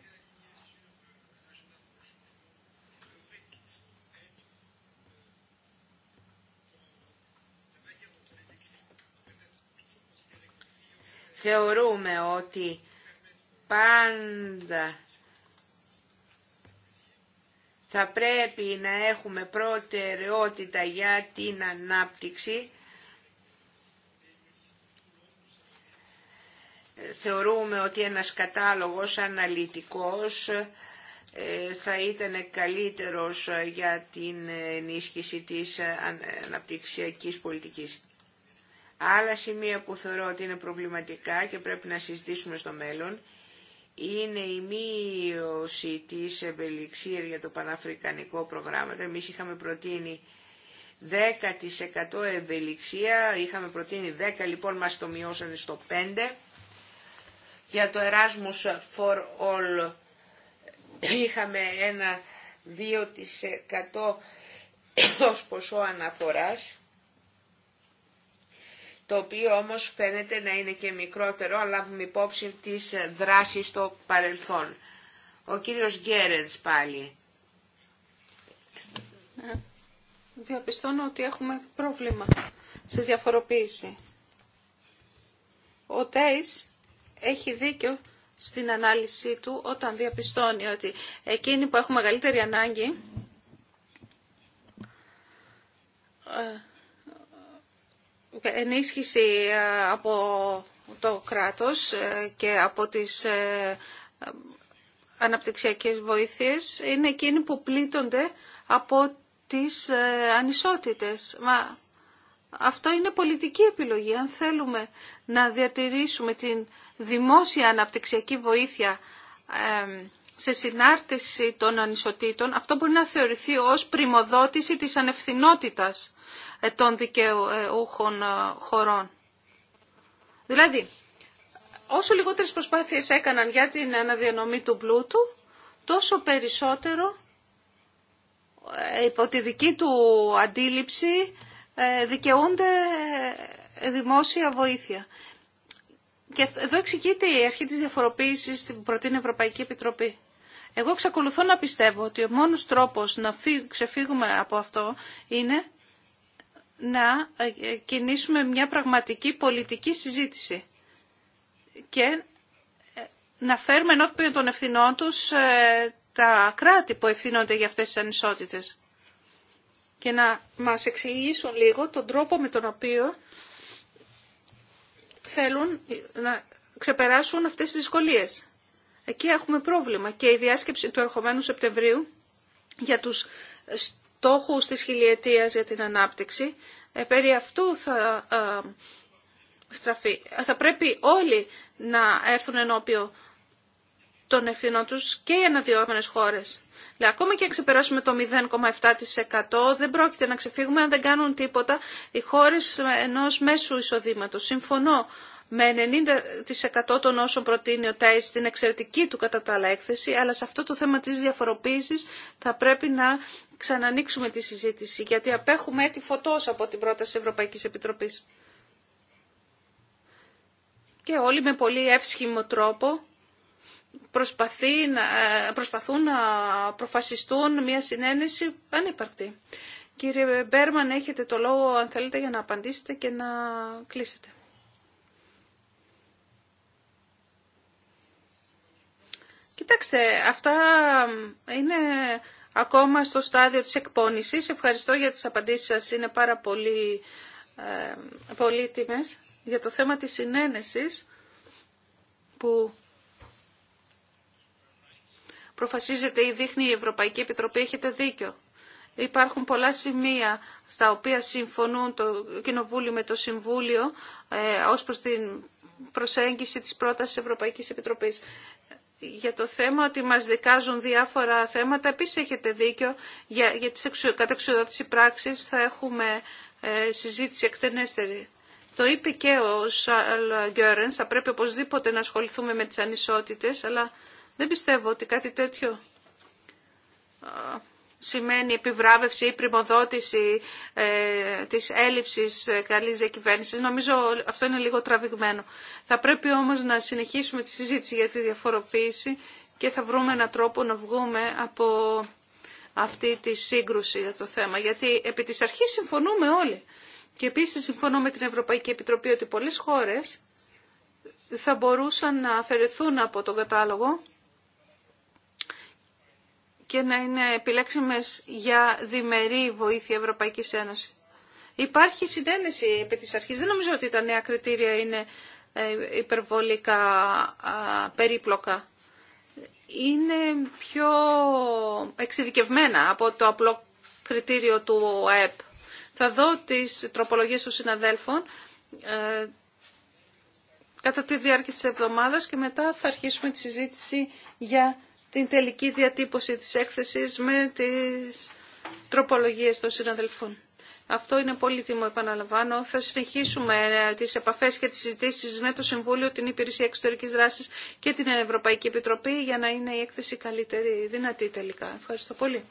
θεωρούμε ότι πάντα θα πρέπει να έχουμε προτεραιότητα για την ανάπτυξη θεωρούμε ότι ένας κατάλογος αναλυτικός ε, θα ήταν καλύτερος για την ενίσχυση της αναπτυξιακής πολιτικής. Άλλα σημεία που θεωρώ ότι είναι προβληματικά και πρέπει να συζητήσουμε στο μέλλον είναι η μείωση της ευελιξίας για το Παναφρικανικό προγράμμα. Εμείς είχαμε προτείνει 10% ευελιξία, είχαμε προτείνει 10, λοιπόν μας το μειώσανε στο 5% για το Erasmus for All είχαμε ένα 2% ως ποσό αναφοράς το οποίο όμως φαίνεται να είναι και μικρότερο, αλλά λάβουμε υπόψη της δράσης στο παρελθόν. Ο κύριος Γκέρετς πάλι. Ε, διαπιστώνω ότι έχουμε πρόβλημα στη διαφοροποίηση. Ο ΤΕΙΣ έχει δίκιο στην ανάλυση του όταν διαπιστώνει ότι εκείνοι που έχουν μεγαλύτερη ανάγκη ε, ε, ενίσχυση ε, από το κράτος και από τις αναπτυξιακές βοήθειες είναι εκείνοι που πλήττονται από τις ανισότητες. Μα αυτό είναι πολιτική επιλογή. Αν θέλουμε να διατηρήσουμε την δημόσια αναπτυξιακή βοήθεια σε συνάρτηση των ανισοτήτων, αυτό μπορεί να θεωρηθεί ως πριμοδότηση της ανευθυνότητας ε, των δικαιούχων ε, χωρών. Δηλαδή, όσο λιγότερες προσπάθειες έκαναν για την αναδιανομή του πλούτου, τόσο περισσότερο ε, υπό τη δική του αντίληψη δικαιούνται δημόσια βοήθεια. Και εδώ εξηγείται η αρχή της διαφοροποίησης στην προτείνει Ευρωπαϊκή Επιτροπή. Εγώ εξακολουθώ να πιστεύω ότι ο μόνος τρόπος να ξεφύγουμε από αυτό είναι να ε, ε, κινήσουμε μια πραγματική πολιτική συζήτηση και ε, να φέρουμε ενώπιον των ευθυνών τους τα κράτη που ευθύνονται για αυτές τις ανισότητες και να μας εξηγήσουν λίγο τον τρόπο με τον οποίο θέλουν να ξεπεράσουν αυτές τις δυσκολίες. Εκεί έχουμε πρόβλημα και η διάσκεψη του ερχομένου Σεπτεμβρίου για τους στόχους της χιλιετίας για την ανάπτυξη, ε, περί αυτού θα ε, στραφεί. Θα πρέπει όλοι να έρθουν ενώπιον των ευθυνών τους και οι αναδυόμενες χώρες. Λέει, ακόμα και αν ξεπεράσουμε το 0,7% δεν πρόκειται να ξεφύγουμε αν δεν κάνουν τίποτα οι χώρες ενός μέσου εισοδήματο. Συμφωνώ με 90% των όσων προτείνει ο ΤΑΙΣ στην εξαιρετική του κατά τα άλλα έκθεση, αλλά σε αυτό το θέμα της διαφοροποίησης θα πρέπει να ξανανοίξουμε τη συζήτηση, γιατί απέχουμε έτη φωτός από την πρόταση Ευρωπαϊκής Επιτροπής. Και όλοι με πολύ εύσχυμο τρόπο προσπαθεί ε, προσπαθούν να προφασιστούν μια συνένεση ανύπαρκτη. Κύριε Μπέρμαν, έχετε το λόγο αν θέλετε για να απαντήσετε και να κλείσετε. Κοιτάξτε, αυτά είναι ακόμα στο στάδιο της εκπόνησης. Ευχαριστώ για τις απαντήσεις σας, είναι πάρα πολύ ε, Για το θέμα της συνένεσης που προφασίζεται ή δείχνει η Ευρωπαϊκή Επιτροπή, έχετε δίκιο. Υπάρχουν πολλά σημεία στα οποία συμφωνούν το Κοινοβούλιο με το Συμβούλιο ε, ως προς την προσέγγιση της πρότασης Ευρωπαϊκής Επιτροπής. Για το θέμα ότι μας δικάζουν διάφορα θέματα, επίσης έχετε δίκιο, για, για τις κατεξουδότηση πράξεις θα έχουμε ε, συζήτηση εκτενέστερη. Το είπε και ο Σαλ Γκέρενς, θα πρέπει οπωσδήποτε να ασχοληθούμε με τις ανισότητες, αλλά δεν πιστεύω ότι κάτι τέτοιο σημαίνει επιβράβευση ή πρημοδότηση ε, της έλλειψης ε, καλής διακυβέρνησης. Νομίζω αυτό είναι λίγο τραβηγμένο. Θα πρέπει όμως να συνεχίσουμε τη συζήτηση για τη διαφοροποίηση και θα βρούμε έναν τρόπο να βγούμε από αυτή τη σύγκρουση για το θέμα. Γιατί επί της αρχής συμφωνούμε όλοι. Και επίσης συμφωνώ με την Ευρωπαϊκή Επιτροπή ότι πολλές χώρες θα μπορούσαν να αφαιρεθούν από τον κατάλογο και να είναι επιλέξιμες για διμερή βοήθεια Ευρωπαϊκής Ένωσης. Υπάρχει συνένεση επί της αρχής. Δεν νομίζω ότι τα νέα κριτήρια είναι ε, υπερβολικά περίπλοκα. Είναι πιο εξειδικευμένα από το απλό κριτήριο του Ε.Π. Θα δω τις τροπολογίες των συναδέλφων ε, κατά τη διάρκεια της εβδομάδας και μετά θα αρχίσουμε τη συζήτηση για την τελική διατύπωση της έκθεσης με τις τροπολογίες των συναδελφών. Αυτό είναι πολύτιμο, επαναλαμβάνω. Θα συνεχίσουμε ε, τι επαφέ και τι συζητήσει με το Συμβούλιο, την Υπηρεσία Εξωτερική Δράση και την Ευρωπαϊκή Επιτροπή για να είναι η έκθεση καλύτερη, δυνατή τελικά. Ευχαριστώ πολύ.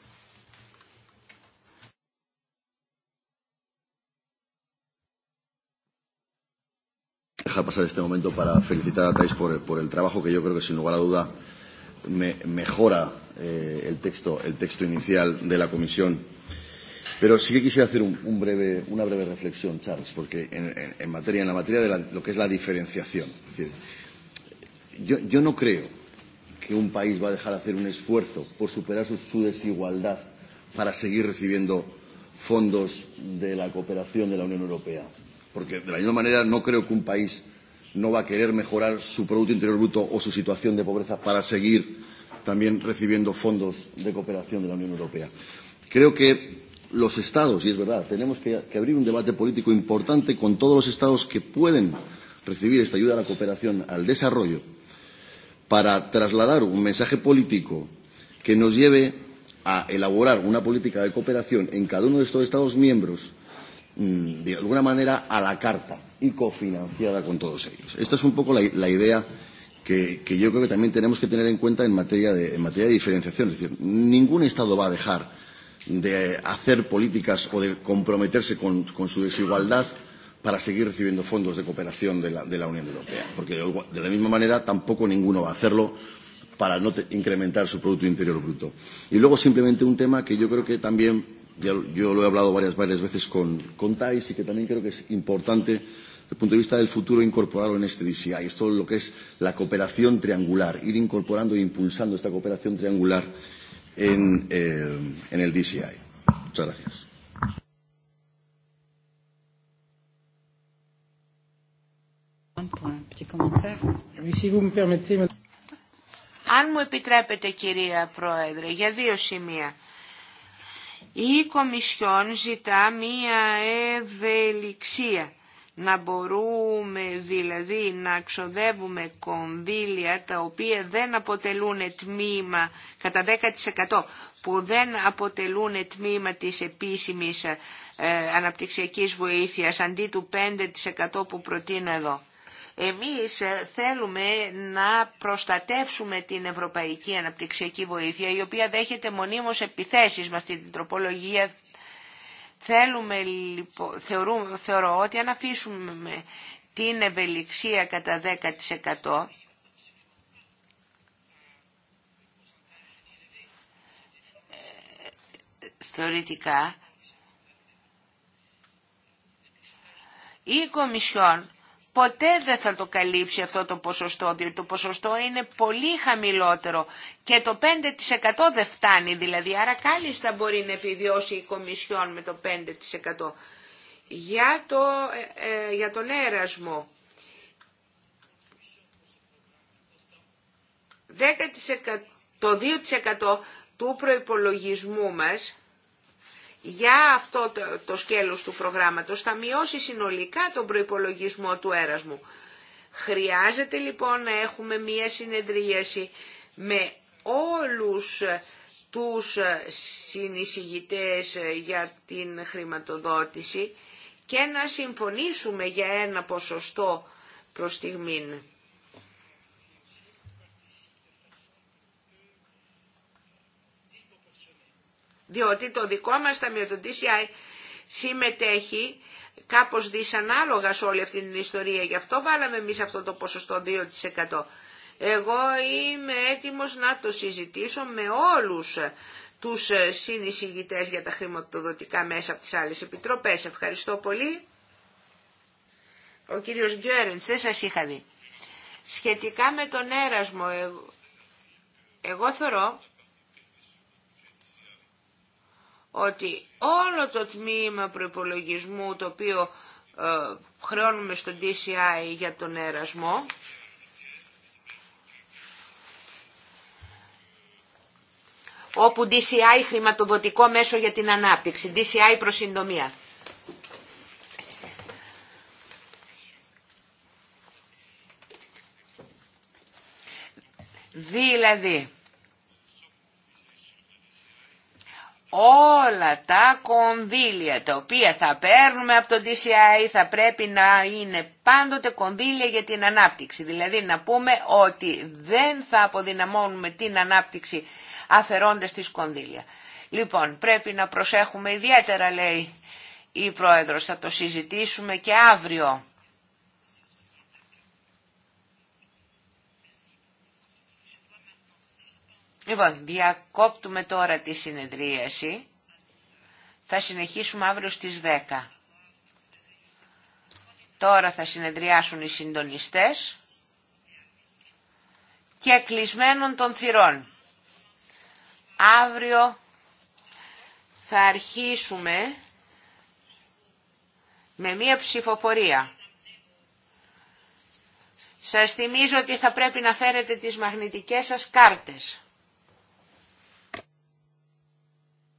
Deja pasar este momento para me mejora el, texto, el texto inicial de la comisión. Pero sí que quisiera hacer un, un breve, una breve reflexión, Charles, porque en, en, materia, en la materia de lo que es la diferenciación. Es decir, yo, yo no creo que un país va a dejar de hacer un esfuerzo por superar su, su desigualdad para seguir recibiendo fondos de la cooperación de la Unión Europea. Porque de la misma manera no creo que un país no va a querer mejorar su Producto Interior Bruto o su situación de pobreza para seguir también recibiendo fondos de cooperación de la Unión Europea. Creo que los Estados, y es verdad, tenemos que abrir un debate político importante con todos los Estados que pueden recibir esta ayuda a la cooperación al desarrollo para trasladar un mensaje político que nos lleve a elaborar una política de cooperación en cada uno de estos Estados miembros de alguna manera, a la carta y cofinanciada con todos ellos. Esta es un poco la idea que yo creo que también tenemos que tener en cuenta en materia de diferenciación. Es decir, ningún Estado va a dejar de hacer políticas o de comprometerse con su desigualdad para seguir recibiendo fondos de cooperación de la Unión Europea. Porque, de la misma manera, tampoco ninguno va a hacerlo para no incrementar su Producto Interior Bruto. Y luego, simplemente, un tema que yo creo que también ya, yo lo he hablado varias, varias veces con, con TAIS y que también creo que es importante desde el punto de vista del futuro incorporarlo en este DCI. Esto es lo que es la cooperación triangular, ir incorporando e impulsando esta cooperación triangular en, en el DCI. Muchas gracias. Αν μου επιτρέπετε κυρία Πρόεδρε, για δύο σημεία. Η Κομισιόν ζητά μία ευελιξία. Να μπορούμε δηλαδή να ξοδεύουμε κονδύλια τα οποία δεν αποτελούν τμήμα κατά 10% που δεν αποτελούν τμήμα της επίσημης ε, αναπτυξιακής βοήθειας αντί του 5% που προτείνω εδώ. Εμείς ε, θέλουμε να προστατεύσουμε την Ευρωπαϊκή Αναπτυξιακή Βοήθεια, η οποία δέχεται μονίμως επιθέσεις με αυτή την τροπολογία. Θέλουμε, λοιπόν, θεωρούμε, θεωρώ ότι αν αφήσουμε την ευελιξία κατά 10%, ε, θεωρητικά, η Κομισιόν ποτέ δεν θα το καλύψει αυτό το ποσοστό, διότι το ποσοστό είναι πολύ χαμηλότερο και το 5% δεν φτάνει δηλαδή, άρα κάλλιστα μπορεί να επιβιώσει η Κομισιόν με το 5%. Για, το, ε, ε, για τον έρασμο, 10%, το 2% του προϋπολογισμού μας για αυτό το σκέλος του προγράμματος θα μειώσει συνολικά τον προϋπολογισμό του έρασμου. Χρειάζεται λοιπόν να έχουμε μία συνεδρίαση με όλους τους συνεισηγητές για την χρηματοδότηση και να συμφωνήσουμε για ένα ποσοστό προς στιγμήν. διότι το δικό μας ταμείο, το DCI, συμμετέχει κάπως δυσανάλογα σε όλη αυτή την ιστορία. Γι' αυτό βάλαμε εμείς αυτό το ποσοστό 2%. Εγώ είμαι έτοιμος να το συζητήσω με όλους τους συνεισηγητές για τα χρηματοδοτικά μέσα από τις άλλες επιτροπές. Ευχαριστώ πολύ. Ο κύριος Γκέρεντς, δεν σας είχα δει. Σχετικά με τον έρασμο, εγώ θεωρώ ότι όλο το τμήμα προπολογισμού το οποίο ε, χρεώνουμε στο DCI για τον έρασμο όπου DCI χρηματοδοτικό μέσο για την ανάπτυξη, DCI προσυντομία. Δηλαδή, όλα τα κονδύλια τα οποία θα παίρνουμε από το DCI θα πρέπει να είναι πάντοτε κονδύλια για την ανάπτυξη. Δηλαδή να πούμε ότι δεν θα αποδυναμώνουμε την ανάπτυξη αφαιρώντας τις κονδύλια. Λοιπόν, πρέπει να προσέχουμε ιδιαίτερα λέει η Πρόεδρος, θα το συζητήσουμε και αύριο. Λοιπόν, διακόπτουμε τώρα τη συνεδρίαση. Θα συνεχίσουμε αύριο στις 10. Τώρα θα συνεδριάσουν οι συντονιστές και κλεισμένων των θυρών. Αύριο θα αρχίσουμε με μία ψηφοφορία. Σας θυμίζω ότι θα πρέπει να φέρετε τις μαγνητικές σας κάρτες.